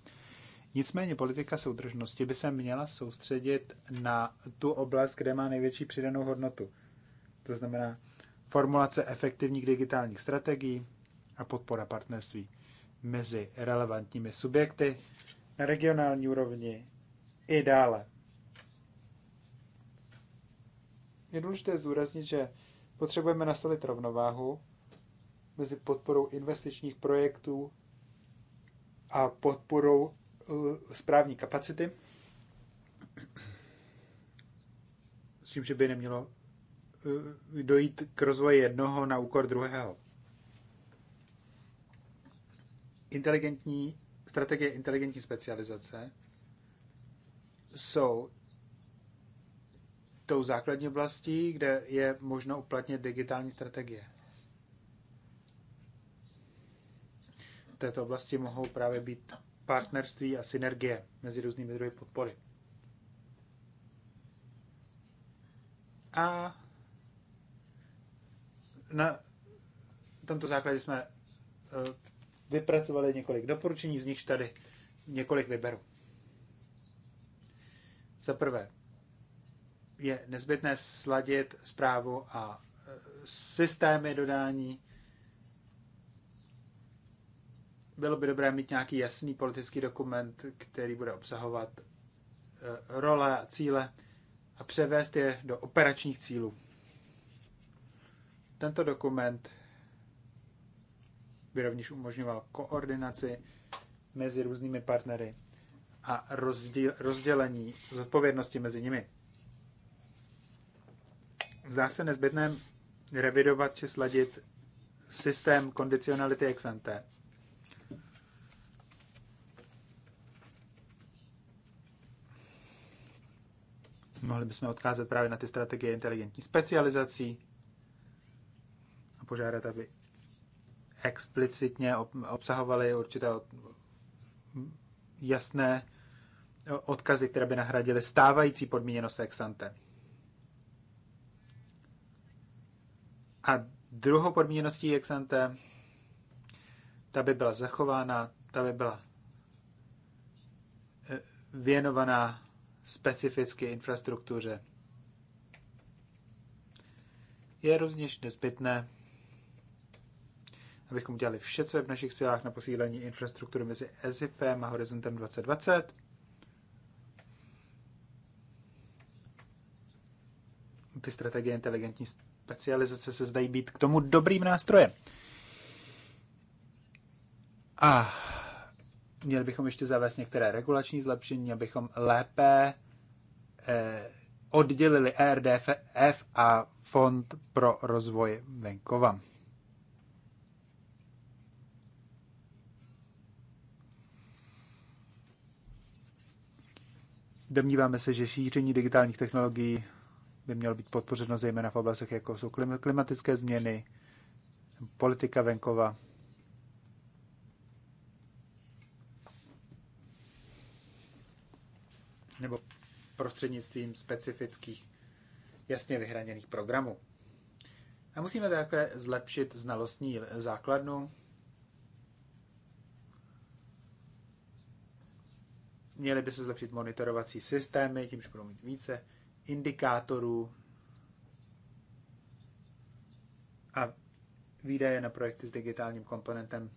Nicméně politika soudržnosti by se měla soustředit na tu oblast, kde má největší přidanou hodnotu. To znamená formulace efektivních digitálních strategií a podpora partnerství mezi relevantními subjekty na regionální úrovni i dále. Je důležité zdůraznit, že potřebujeme nastavit rovnováhu mezi podporou investičních projektů a podporou eh, správní kapacity, s tím, že by nemělo eh, dojít k rozvoji jednoho na úkor druhého. Inteligentní strategie inteligentní specializace jsou tou základní oblastí, kde je možno uplatnit digitální strategie. této oblasti mohou právě být partnerství a synergie mezi různými druhy podpory. A na tomto základě jsme eh, vypracovali několik doporučení, z nichž tady několik vyberu. Za prvé, je nezbytné sladit zprávu a eh, systémy dodání bylo by dobré mít nějaký jasný politický dokument, který bude obsahovat eh, role a cíle a převést je do operačních cílů. Tento dokument by rovněž umožňoval koordinaci mezi různými partnery a rozděl, rozdělení zodpovědnosti mezi nimi. Zdá se nezbytné revidovat či sladit systém kondicionality ex ante Mohli bychom odkázat právě na ty strategie inteligentní specializací a požádat, aby explicitně obsahovaly určité jasné odkazy, které by nahradily stávající podmíněnost exante. A druhou podmíněností exante, ta by byla zachována, ta by byla eh, věnovaná specificky infrastruktuře. Je rovněž nezbytné, abychom dělali vše, co je v našich silách na posílení infrastruktury mezi EZIFem a Horizontem 2020. Ty strategie inteligentní specializace se zdají být k tomu dobrým nástrojem. A Měli bychom ještě zavést některé regulační zlepšení, abychom lépe eh, oddělili ERDF a Fond pro rozvoj venkova. Domníváme se, že šíření digitálních technologií by mělo být podpořeno zejména v oblastech, jako jsou klimatické změny, politika venkova nebo prostřednictvím specifických jasně vyhraněných programů. A musíme také zlepšit znalostní základnu. Měly by se zlepšit monitorovací systémy, tímž budou mít více indikátorů a výdaje na projekty s digitálním komponentem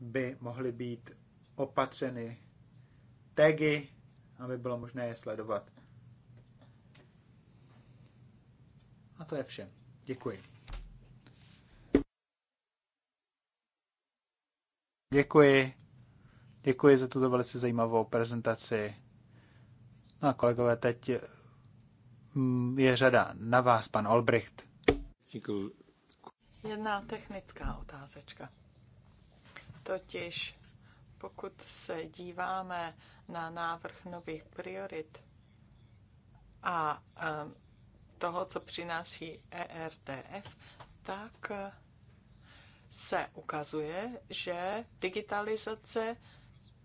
by mohly být opatřeny tagy, aby bylo možné je sledovat. A to je vše. Děkuji. Děkuji. Děkuji za tuto velice zajímavou prezentaci. No a kolegové, teď mm, je řada na vás, pan Olbricht. Jedna technická otázečka. Totiž pokud se díváme na návrh nových priorit a toho, co přináší ERTF, tak se ukazuje, že digitalizace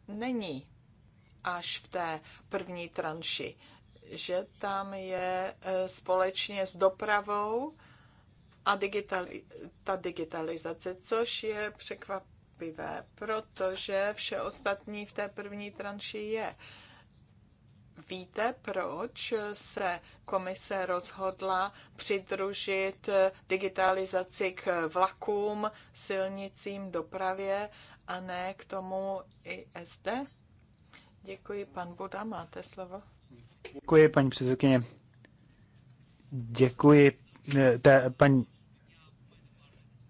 není až v té první tranši, že tam je e, společně s dopravou a digitali- ta digitalizace, což je překvapivé překvapivé, protože vše ostatní v té první tranši je. Víte, proč se komise rozhodla přidružit digitalizaci k vlakům, silnicím, dopravě a ne k tomu i SD? Děkuji, pan Buda, máte slovo. Děkuji, paní předsedkyně. Děkuji eh, té, paní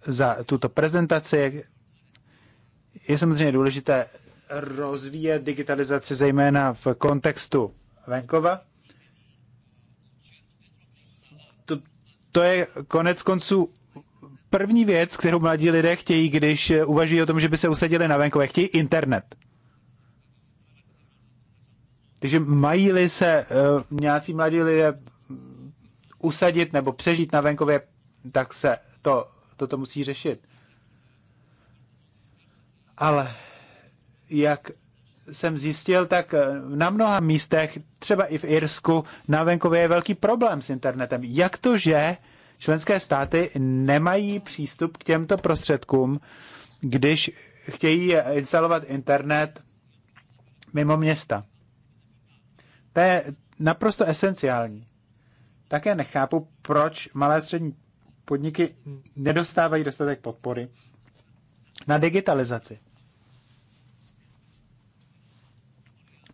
za tuto prezentaci. Je samozřejmě důležité rozvíjet digitalizaci zejména v kontextu venkova. To, to je konec konců první věc, kterou mladí lidé chtějí, když uvažují o tom, že by se usadili na venkově. Chtějí internet. Takže mají-li se uh, nějací mladí lidé usadit nebo přežít na venkově, tak se to, toto musí řešit. Ale jak jsem zjistil, tak eh, na mnoha místech, třeba i v Irsku, na venkově je velký problém s internetem. Jak to, že členské státy nemají přístup k těmto prostředkům, když chtějí instalovat internet mimo města? To je naprosto esenciální. Také nechápu, proč malé střední podniky nedostávají dostatek podpory na digitalizaci.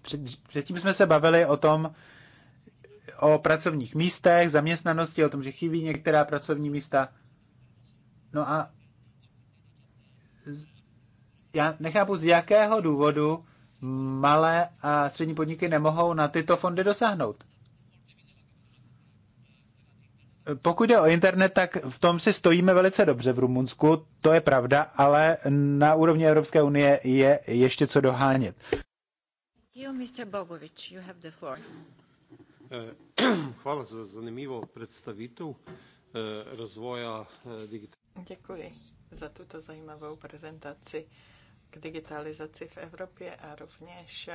před, předtím jsme se bavili o tom, o pracovních místech, zaměstnanosti, o tom, že chybí některá pracovní místa. No a já nechápu, z jakého důvodu malé a střední podniky nemohou na tyto fondy dosáhnout. Pokud jde o internet, tak v tom si stojíme velice dobře v Rumunsku, to je pravda, ale na úrovni Evropské unie je ještě co dohánět. Eh, <clears throat> hvala za zanimivo predstavitev eh, razvoja eh, Děkuji za tuto zajímavou prezentaci k digitalizaci v Evropě a rovněž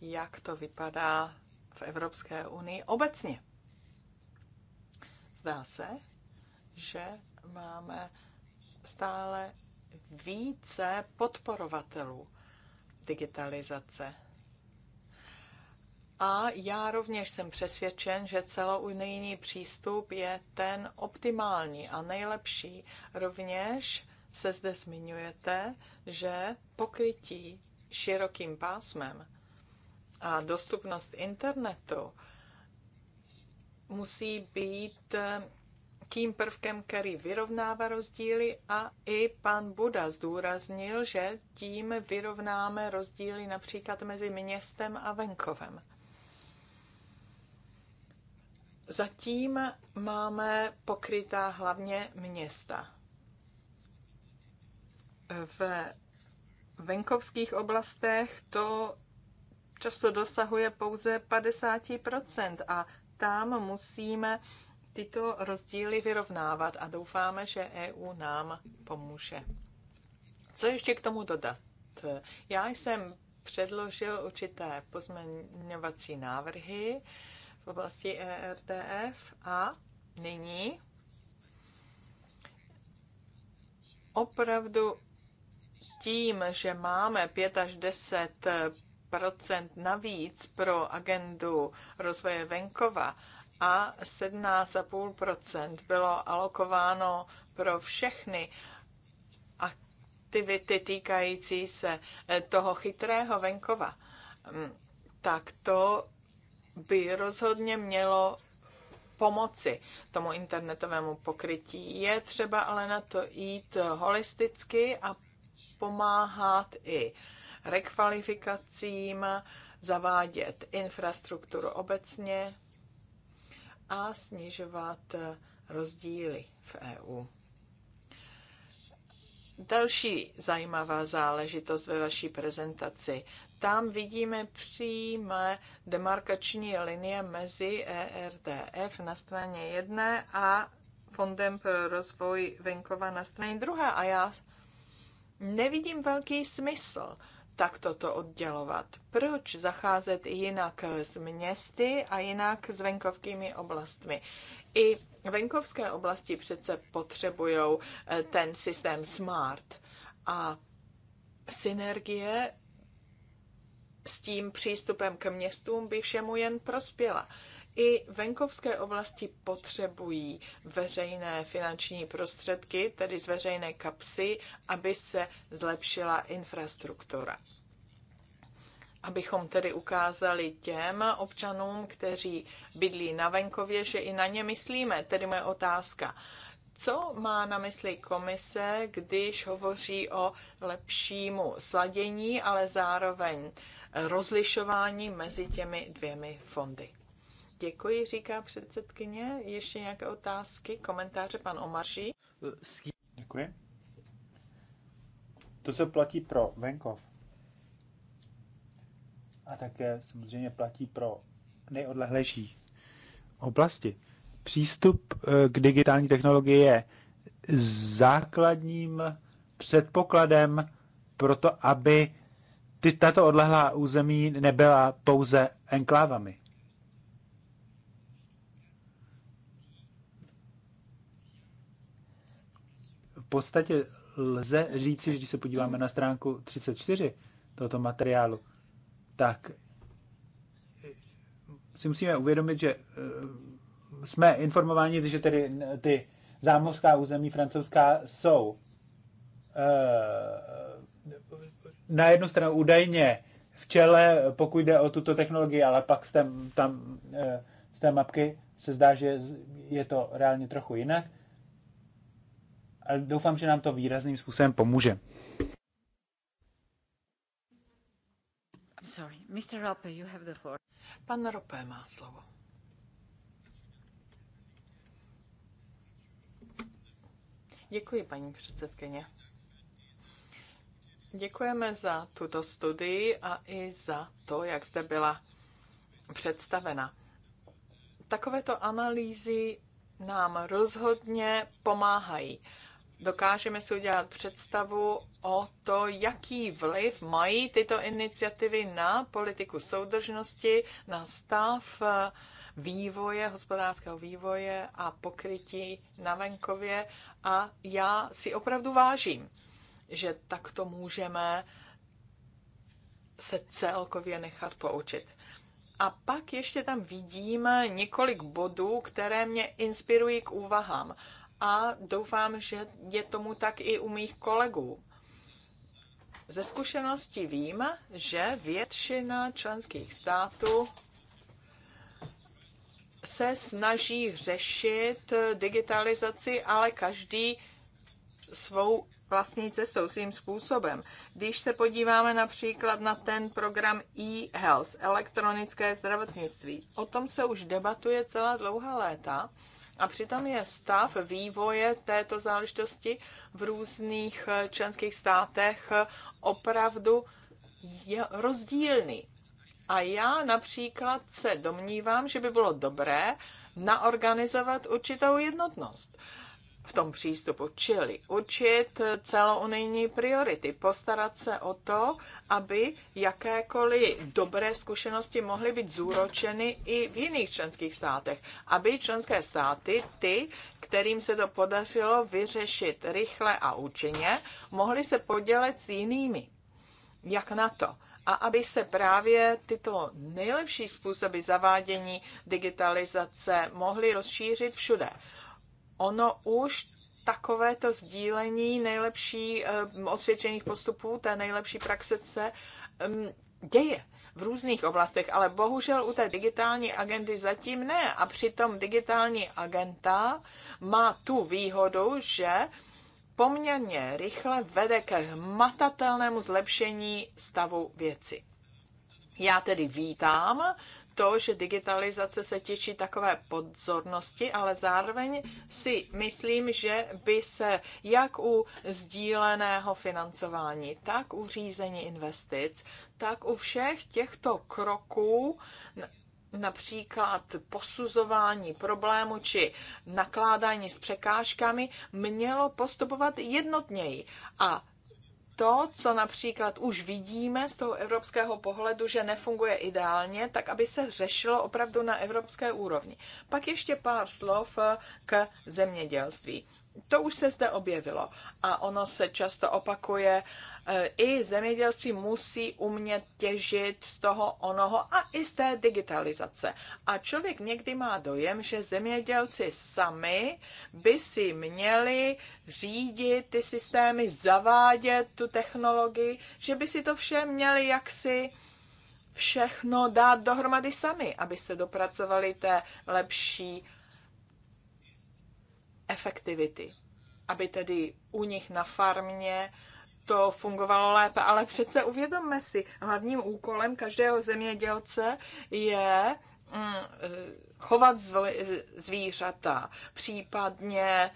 jak to vypadá v Evropské unii obecně. Zdá se, že máme stále více podporovatelů digitalizace a já rovněž jsem přesvědčen, že celounijní přístup je ten optimální a nejlepší. Rovněž se zde zmiňujete, že pokrytí širokým pásmem a dostupnost internetu musí být tím prvkem, který vyrovnává rozdíly a i pan Buda zdůraznil, že tím vyrovnáme rozdíly například mezi městem a venkovem. Zatím máme pokrytá hlavně města. V venkovských oblastech to často dosahuje pouze 50% a tam musíme tyto rozdíly vyrovnávat a doufáme, že EU nám pomůže. Co ještě k tomu dodat? Já jsem předložil určité pozměňovací návrhy, v oblasti ERTF a nyní opravdu tím, že máme 5 až 10 navíc pro agendu rozvoje venkova a 17,5 bylo alokováno pro všechny aktivity týkající se toho chytrého venkova, mm, tak to by rozhodně mělo pomoci tomu internetovému pokrytí. Je třeba ale na to jít holisticky a pomáhat i rekvalifikacím, zavádět infrastrukturu obecně a snižovat rozdíly v EU. Další zajímavá záležitost ve vaší prezentaci, tam vidíme přímé demarkační linie mezi ERDF na straně jedné a Fondem pro rozvoj venkova na straně druhé. A já nevidím velký smysl tak toto oddělovat. Proč zacházet jinak s městy a jinak s venkovskými oblastmi? I venkovské oblasti přece potřebují eh, ten systém SMART a synergie s tím přístupem k městům by všemu jen prospěla. I venkovské oblasti potřebují veřejné finanční prostředky, tedy z veřejné kapsy, aby se zlepšila infrastruktura. Abychom tedy ukázali těm občanům, kteří bydlí na venkově, že i na ně myslíme. Tedy moje otázka. Co má na mysli komise, když hovoří o lepšímu sladění, ale zároveň uh, rozlišování mezi těmi dvěmi fondy. Děkuji, říká předsedkyně. Ještě nějaké otázky, komentáře, pan Omarží? Děkuji. To, co platí pro venkov a také samozřejmě platí pro nejodlehlejší oblasti. Přístup eh, k digitální technologii je základním předpokladem pro to, aby ty, tato odlehlá území nebyla pouze enklávami. V podstatě lze říci, že když se podíváme na stránku 34 tohoto materiálu, tak si musíme uvědomit, že eh, jsme informováni, že tedy ty zámořská území francouzská jsou eh, na jednu stranu údajně v čele, pokud jde o tuto technologii, ale pak z té, tam, eh, z té mapky se zdá, že je to reálně trochu jinak. Ale doufám, že nám to výrazným způsobem pomůže. I'm sorry. Mr. Rope, you have the floor. Pan Rope má slovo. Děkuji, paní předsedkyně. Děkujeme za tuto studii a i za to, jak zde byla představena. Takovéto analýzy nám rozhodně pomáhají. Dokážeme si udělat představu o to, jaký vliv mají tyto iniciativy na politiku soudržnosti, na stav eh, vývoje, hospodářského vývoje a pokrytí na venkově. A já si opravdu vážím že takto můžeme se celkově nechat poučit. A pak ještě tam vidím několik bodů, které mě inspirují k úvahám. A doufám, že je tomu tak i u mých kolegů. Ze zkušenosti vím, že většina členských států se snaží řešit digitalizaci, ale každý svou vlastní cestou, svým způsobem. Když se podíváme například na ten program e-health, elektronické zdravotnictví, o tom se už debatuje celá dlouhá léta a přitom je stav vývoje této záležitosti v různých eh, členských státech opravdu rozdílný. A já například se domnívám, že by bylo dobré naorganizovat určitou jednotnost v tom přístupu, čili učit celounijní priority, postarat se o to, aby jakékoliv dobré zkušenosti mohly být zúročeny i v jiných členských státech, aby členské státy, ty, kterým se to podařilo vyřešit rychle a účinně, mohly se podělit s jinými. Jak na to? a aby se právě tyto nejlepší způsoby zavádění digitalizace mohly rozšířit všude ono už takovéto sdílení nejlepší eh, osvědčených postupů, té nejlepší praxe se mm, děje v různých oblastech, ale bohužel u té digitální agendy zatím ne. A přitom digitální agenta má tu výhodu, že poměrně rychle vede ke hmatatelnému zlepšení stavu věci. Já tedy vítám to, že digitalizace se těší takové pozornosti, ale zároveň si myslím, že by se jak u sdíleného financování, tak u řízení investic, tak u všech těchto kroků například posuzování problému či nakládání s překážkami mělo postupovat jednotněji. A to, co například už vidíme z toho evropského pohledu, že nefunguje ideálně, tak aby se řešilo opravdu na evropské úrovni. Pak ještě pár slov eh, k zemědělství to už se zde objevilo a ono se často opakuje. E, I zemědělství musí umět těžit z toho onoho a i z té digitalizace. A člověk někdy má dojem, že zemědělci sami by si měli řídit ty systémy, zavádět tu technologii, že by si to vše měli jaksi všechno dát dohromady sami, aby se dopracovali té lepší efektivity, aby tedy u nich na farmě to fungovalo lépe. Ale přece uvědomme si, hlavním úkolem každého zemědělce je mm, eh, chovat zvířata, případně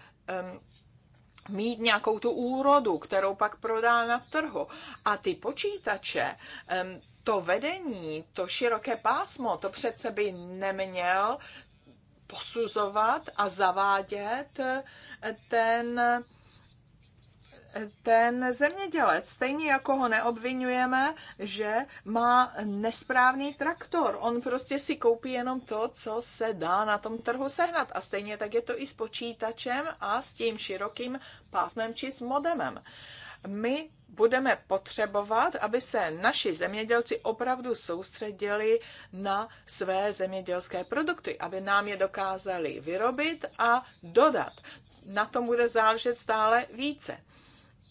mít nějakou tu úrodu, kterou pak prodá na trhu. A ty počítače, to vedení, to široké pásmo, to přece by neměl posuzovat a zavádět ten ten zemědělec, stejně jako ho neobvinujeme, že má nesprávný traktor. On prostě si koupí jenom to, co se dá na tom trhu sehnat. A stejně tak je to i s počítačem a s tím širokým pásmem či s modemem. My budeme potřebovat, aby se naši zemědělci opravdu soustředili na své zemědělské produkty, aby nám je dokázali vyrobit a dodat. Na tom bude záležet stále více.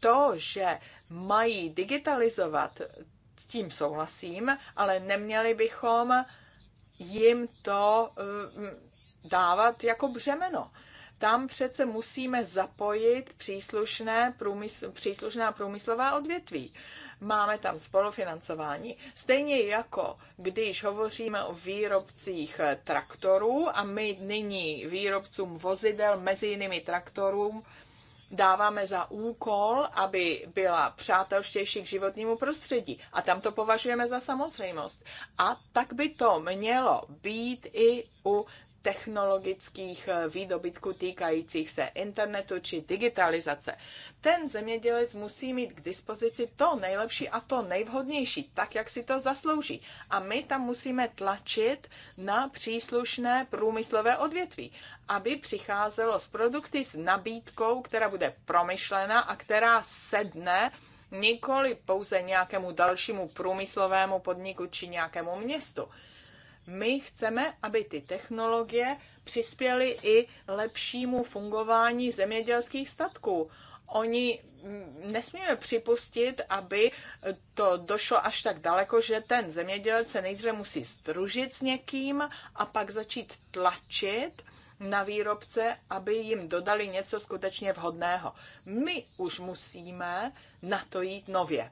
To, že mají digitalizovat, tím souhlasím, ale neměli bychom jim to eh, dávat jako břemeno. Tam přece musíme zapojit příslušné průmysl, příslušná průmyslová odvětví máme tam spolufinancování. Stejně jako když hovoříme o výrobcích traktorů a my nyní výrobcům vozidel, mezi jinými traktorům, dáváme za úkol, aby byla přátelštější k životnímu prostředí. A tam to považujeme za samozřejmost. A tak by to mělo být i u technologických eh, výdobytků týkajících se internetu či digitalizace. Ten zemědělec musí mít k dispozici to nejlepší a to nejvhodnější, tak jak si to zaslouží. A my tam musíme tlačit na příslušné průmyslové odvětví, aby přicházelo s produkty s nabídkou, která bude promyšlená a která sedne nikoli pouze nějakému dalšímu průmyslovému podniku či nějakému městu my chceme, aby ty technologie přispěly i lepšímu fungování zemědělských statků. Oni mm, nesmíme připustit, aby to došlo až tak daleko, že ten zemědělec se nejdříve musí stružit s někým a pak začít tlačit na výrobce, aby jim dodali něco skutečně vhodného. My už musíme na to jít nově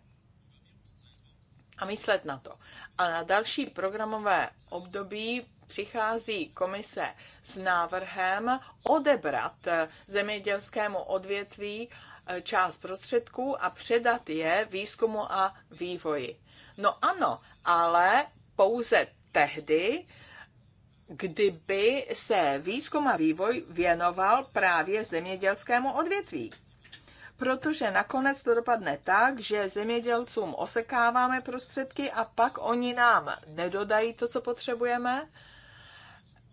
a myslet na to. A na další programové období přichází komise s návrhem odebrat zemědělskému odvětví eh, část prostředků a předat je výzkumu a vývoji. No ano, ale pouze tehdy, kdyby se výzkum a vývoj věnoval právě zemědělskému odvětví protože nakonec to dopadne tak, že zemědělcům osekáváme prostředky a pak oni nám nedodají to, co potřebujeme.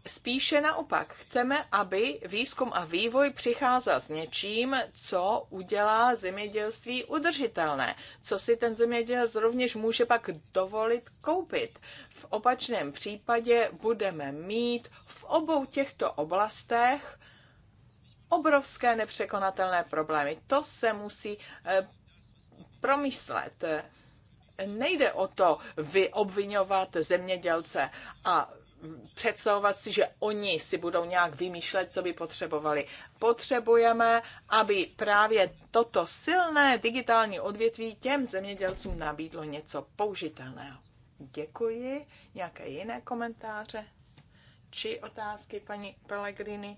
Spíše naopak, chceme, aby výzkum a vývoj přicházel s něčím, co udělá zemědělství udržitelné, co si ten zemědělec rovněž může pak dovolit koupit. V opačném případě budeme mít v obou těchto oblastech obrovské nepřekonatelné problémy. To se musí eh, promyslet. Nejde o to vyobvinovat zemědělce a představovat si, že oni si budou nějak vymýšlet, co by potřebovali. Potřebujeme, aby právě toto silné digitální odvětví těm zemědělcům nabídlo něco použitelného. Děkuji. Nějaké jiné komentáře či otázky, paní Pellegrini?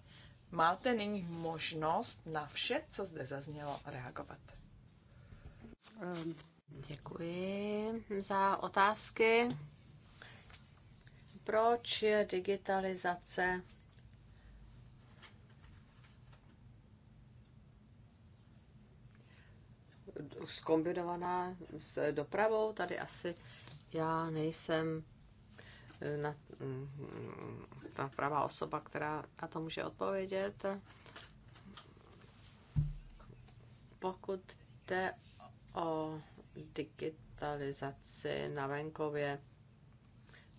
Máte nyní možnost na vše, co zde zaznělo, reagovat. Děkuji za otázky. Proč je digitalizace skombinovaná s dopravou? Tady asi já nejsem na, ta pravá osoba, která na to může odpovědět. Pokud jde o digitalizaci na venkově,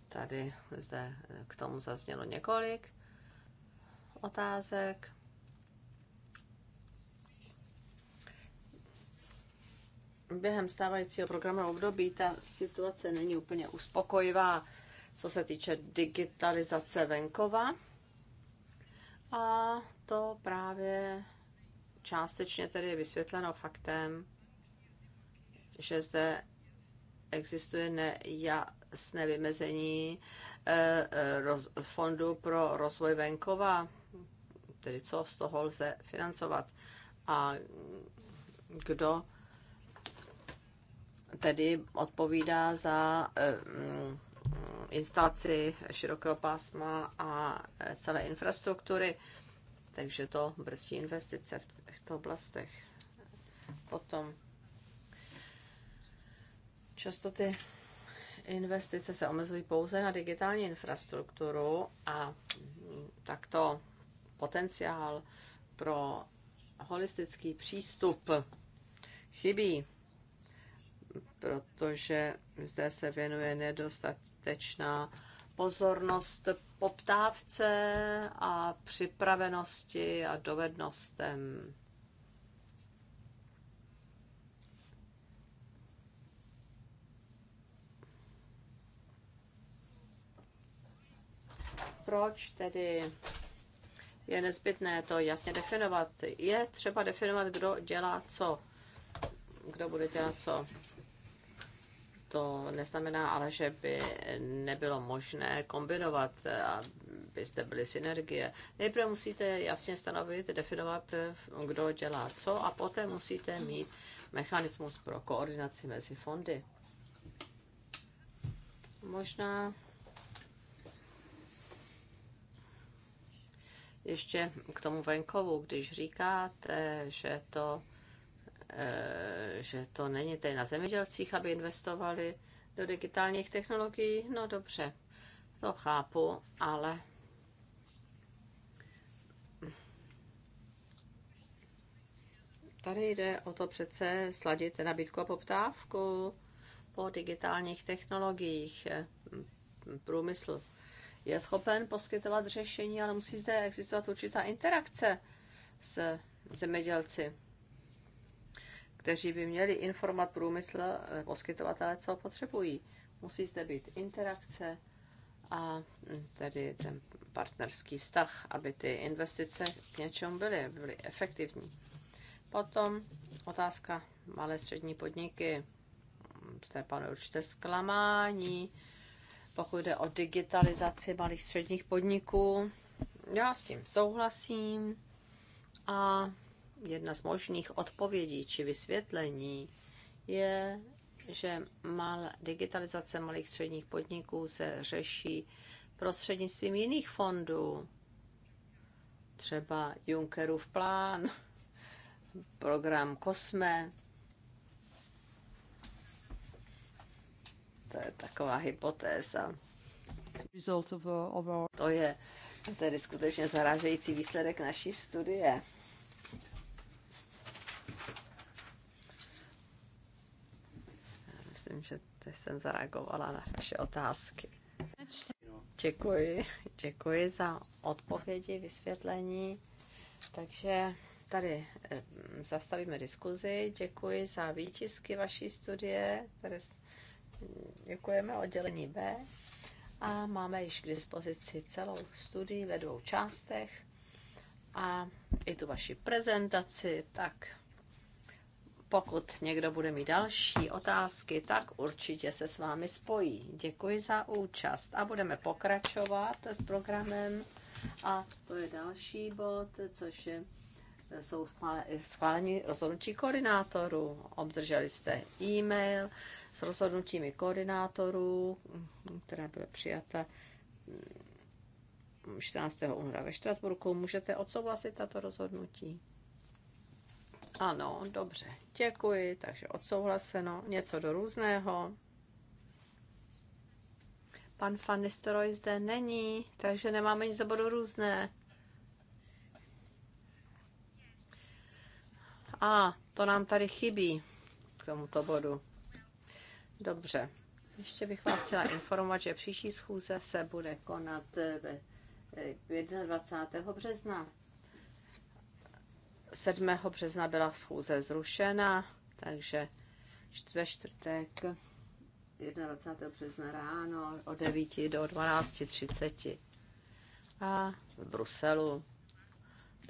tady zde k tomu zaznělo několik otázek. Během stávajícího programu období ta situace není úplně uspokojivá co se týče digitalizace venkova. A to právě částečně tedy je vysvětleno faktem, že zde existuje nejasné vymezení eh, eh, fondu pro rozvoj venkova, tedy co z toho lze financovat a kdo tedy odpovídá za eh, instalaci širokého pásma a celé infrastruktury, takže to brzdí investice v těchto oblastech. Potom často ty investice se omezují pouze na digitální infrastrukturu a mm, takto potenciál pro holistický přístup chybí, protože zde se věnuje nedostatek dostatečná pozornost poptávce a připravenosti a dovednostem. Proč tedy je nezbytné to jasně definovat? Je třeba definovat, kdo dělá co. Kdo bude dělat co to neznamená ale, že by nebylo možné kombinovat, eh, abyste byli synergie. Nejprve musíte jasně stanovit, definovat, eh, kdo dělá co a poté musíte mít mechanismus pro koordinaci mezi fondy. Možná ještě k tomu venkovu, když říkáte, že to že to není tady na zemědělcích, aby investovali do digitálních technologií. No dobře, to chápu, ale tady jde o to přece sladit nabídku a poptávku po digitálních technologiích. Průmysl je schopen poskytovat řešení, ale musí zde existovat určitá interakce s zemědělci kteří by měli informovat průmysl, eh, poskytovatele, co potřebují. Musí zde být interakce a hm, tedy ten partnerský vztah, aby ty investice k něčemu byly, byly efektivní. Potom otázka malé střední podniky. Jste panuje určitě zklamání, pokud jde o digitalizaci malých středních podniků. Já s tím souhlasím a jedna z možných odpovědí či vysvětlení je, že mal, digitalizace malých středních podniků se řeší prostřednictvím jiných fondů, třeba Junckerův plán, program Kosme. To je taková hypotéza. Uh, to je tedy skutečně zarážející výsledek naší studie. že teď jsem zareagovala na vaše otázky. Děkuji, děkuji za odpovědi, vysvětlení. Takže tady eh, zastavíme diskuzi. Děkuji za výtisky vaší studie. Tady děkujeme oddělení B. A máme již k dispozici celou studii ve dvou částech a i tu vaši prezentaci, tak pokud někdo bude mít další otázky, tak určitě se s vámi spojí. Děkuji za účast a budeme pokračovat s programem. A to je další bod, což je, jsou schválení rozhodnutí koordinátorů. Obdrželi jste e-mail s rozhodnutími koordinátorů, které byly přijata 14. února ve Štrasburku. Můžete odsouhlasit tato rozhodnutí? Ano, dobře, děkuji, takže odsouhlaseno. Něco do různého. Pan Fanisteroj zde není, takže nemáme nic za bodu různé. A, to nám tady chybí k tomuto bodu. Dobře. Ještě bych vás chtěla informovat, že příští schůze se bude konat 21. března. 7. března byla schůze zrušena, takže ve čtvrtek 21. března ráno od 9 do 12.30 a v Bruselu.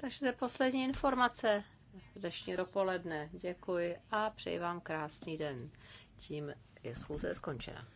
Takže to je poslední informace dnešní dopoledne. Děkuji a přeji vám krásný den. Tím je schůze skončena.